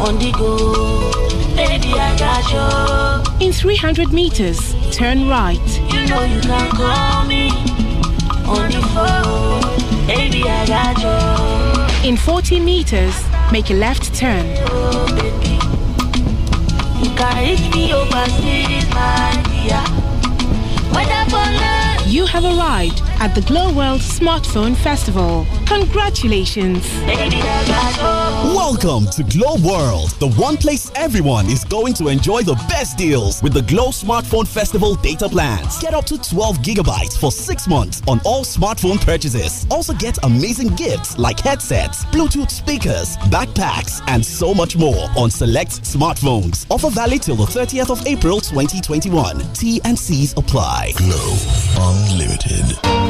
on the go. Baby, I got you. In 300 meters, turn right. You know you can call me on the phone. Baby, I got you. In 40 meters, make a left turn. You You have arrived at the Glow World Smartphone Festival. Congratulations! Welcome to Glow World, the one place everyone is going to enjoy the best deals with the Glow Smartphone Festival data plans. Get up to 12 gigabytes for six months on all smartphone purchases. Also get amazing gifts like headsets, Bluetooth speakers, backpacks, and so much more on select smartphones. Offer valid till the 30th of April 2021. T and C's apply. Glow Unlimited.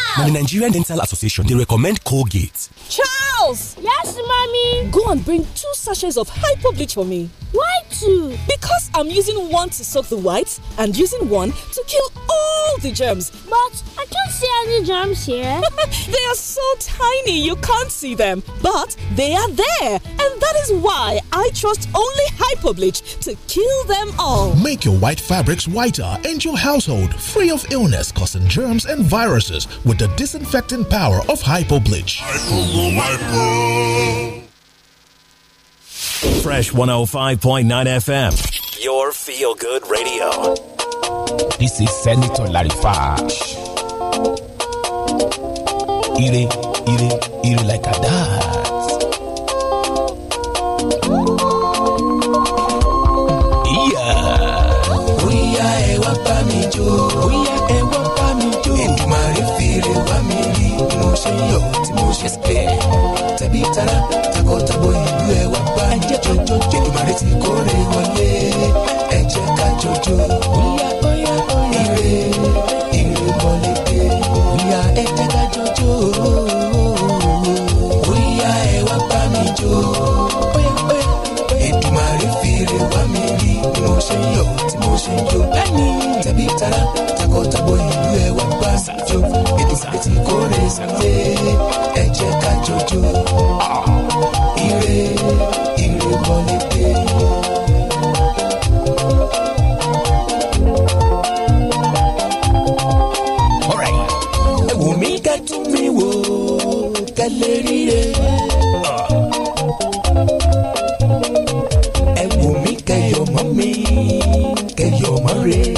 Now, the Nigerian Dental Association, they recommend Colgate. Charles! Yes, mommy? Go and bring two sachets of Hypo Bleach for me. Why two? Because I'm using one to soak the whites and using one to kill all the germs. But don't see any germs here? they are so tiny you can't see them, but they are there, and that is why I trust only Hypobleach to kill them all. Make your white fabrics whiter and your household free of illness causing germs and viruses with the disinfecting power of Hypobleach. Hypo, hypo. Fresh 105.9 FM, your feel good radio. This is Senator Larifash. Ire, ire, ire like a dance. Yeah. Bóyá ẹ wá bá mi jó. Bóyá ẹ wá bá mi jó. Èdùmàrè fèrè wá mi rí. Mo ṣe yọ tí mo ṣe spé. Tẹ̀bí tara takọ̀tàbọ̀ ìlú ẹ wá bá mi jó. Ẹ̀jẹ̀ jọjọ jẹ́ Èdùmàrè tara takọtabo ìlú ẹ wá gbà sàjọ ètùkùtì kórè sàgbé ẹ jẹ́ ká jọjọ ire ire wọlé dé. wùmí ká tún mi wò ká ríre. ẹ wùmí kẹyọ mọ mi kẹyọ mọ rèé.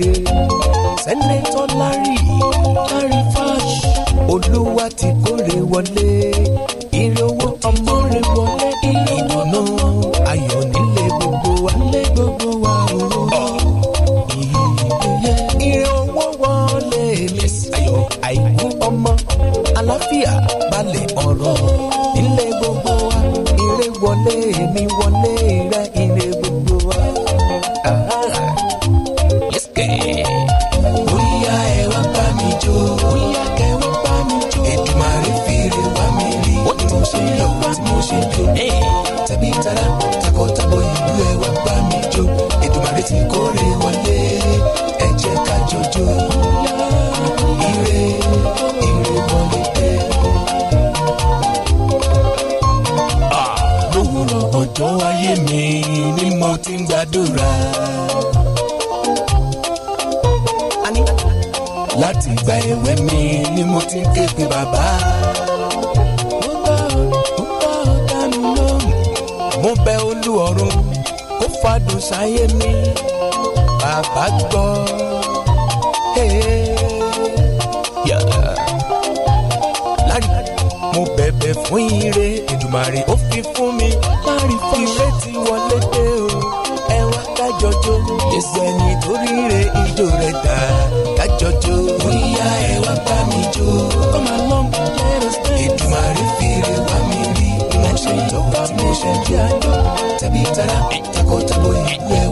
rere sẹ́nẹ́tọ̀ Larry Larry Fash olúwa ti kórè wọlé.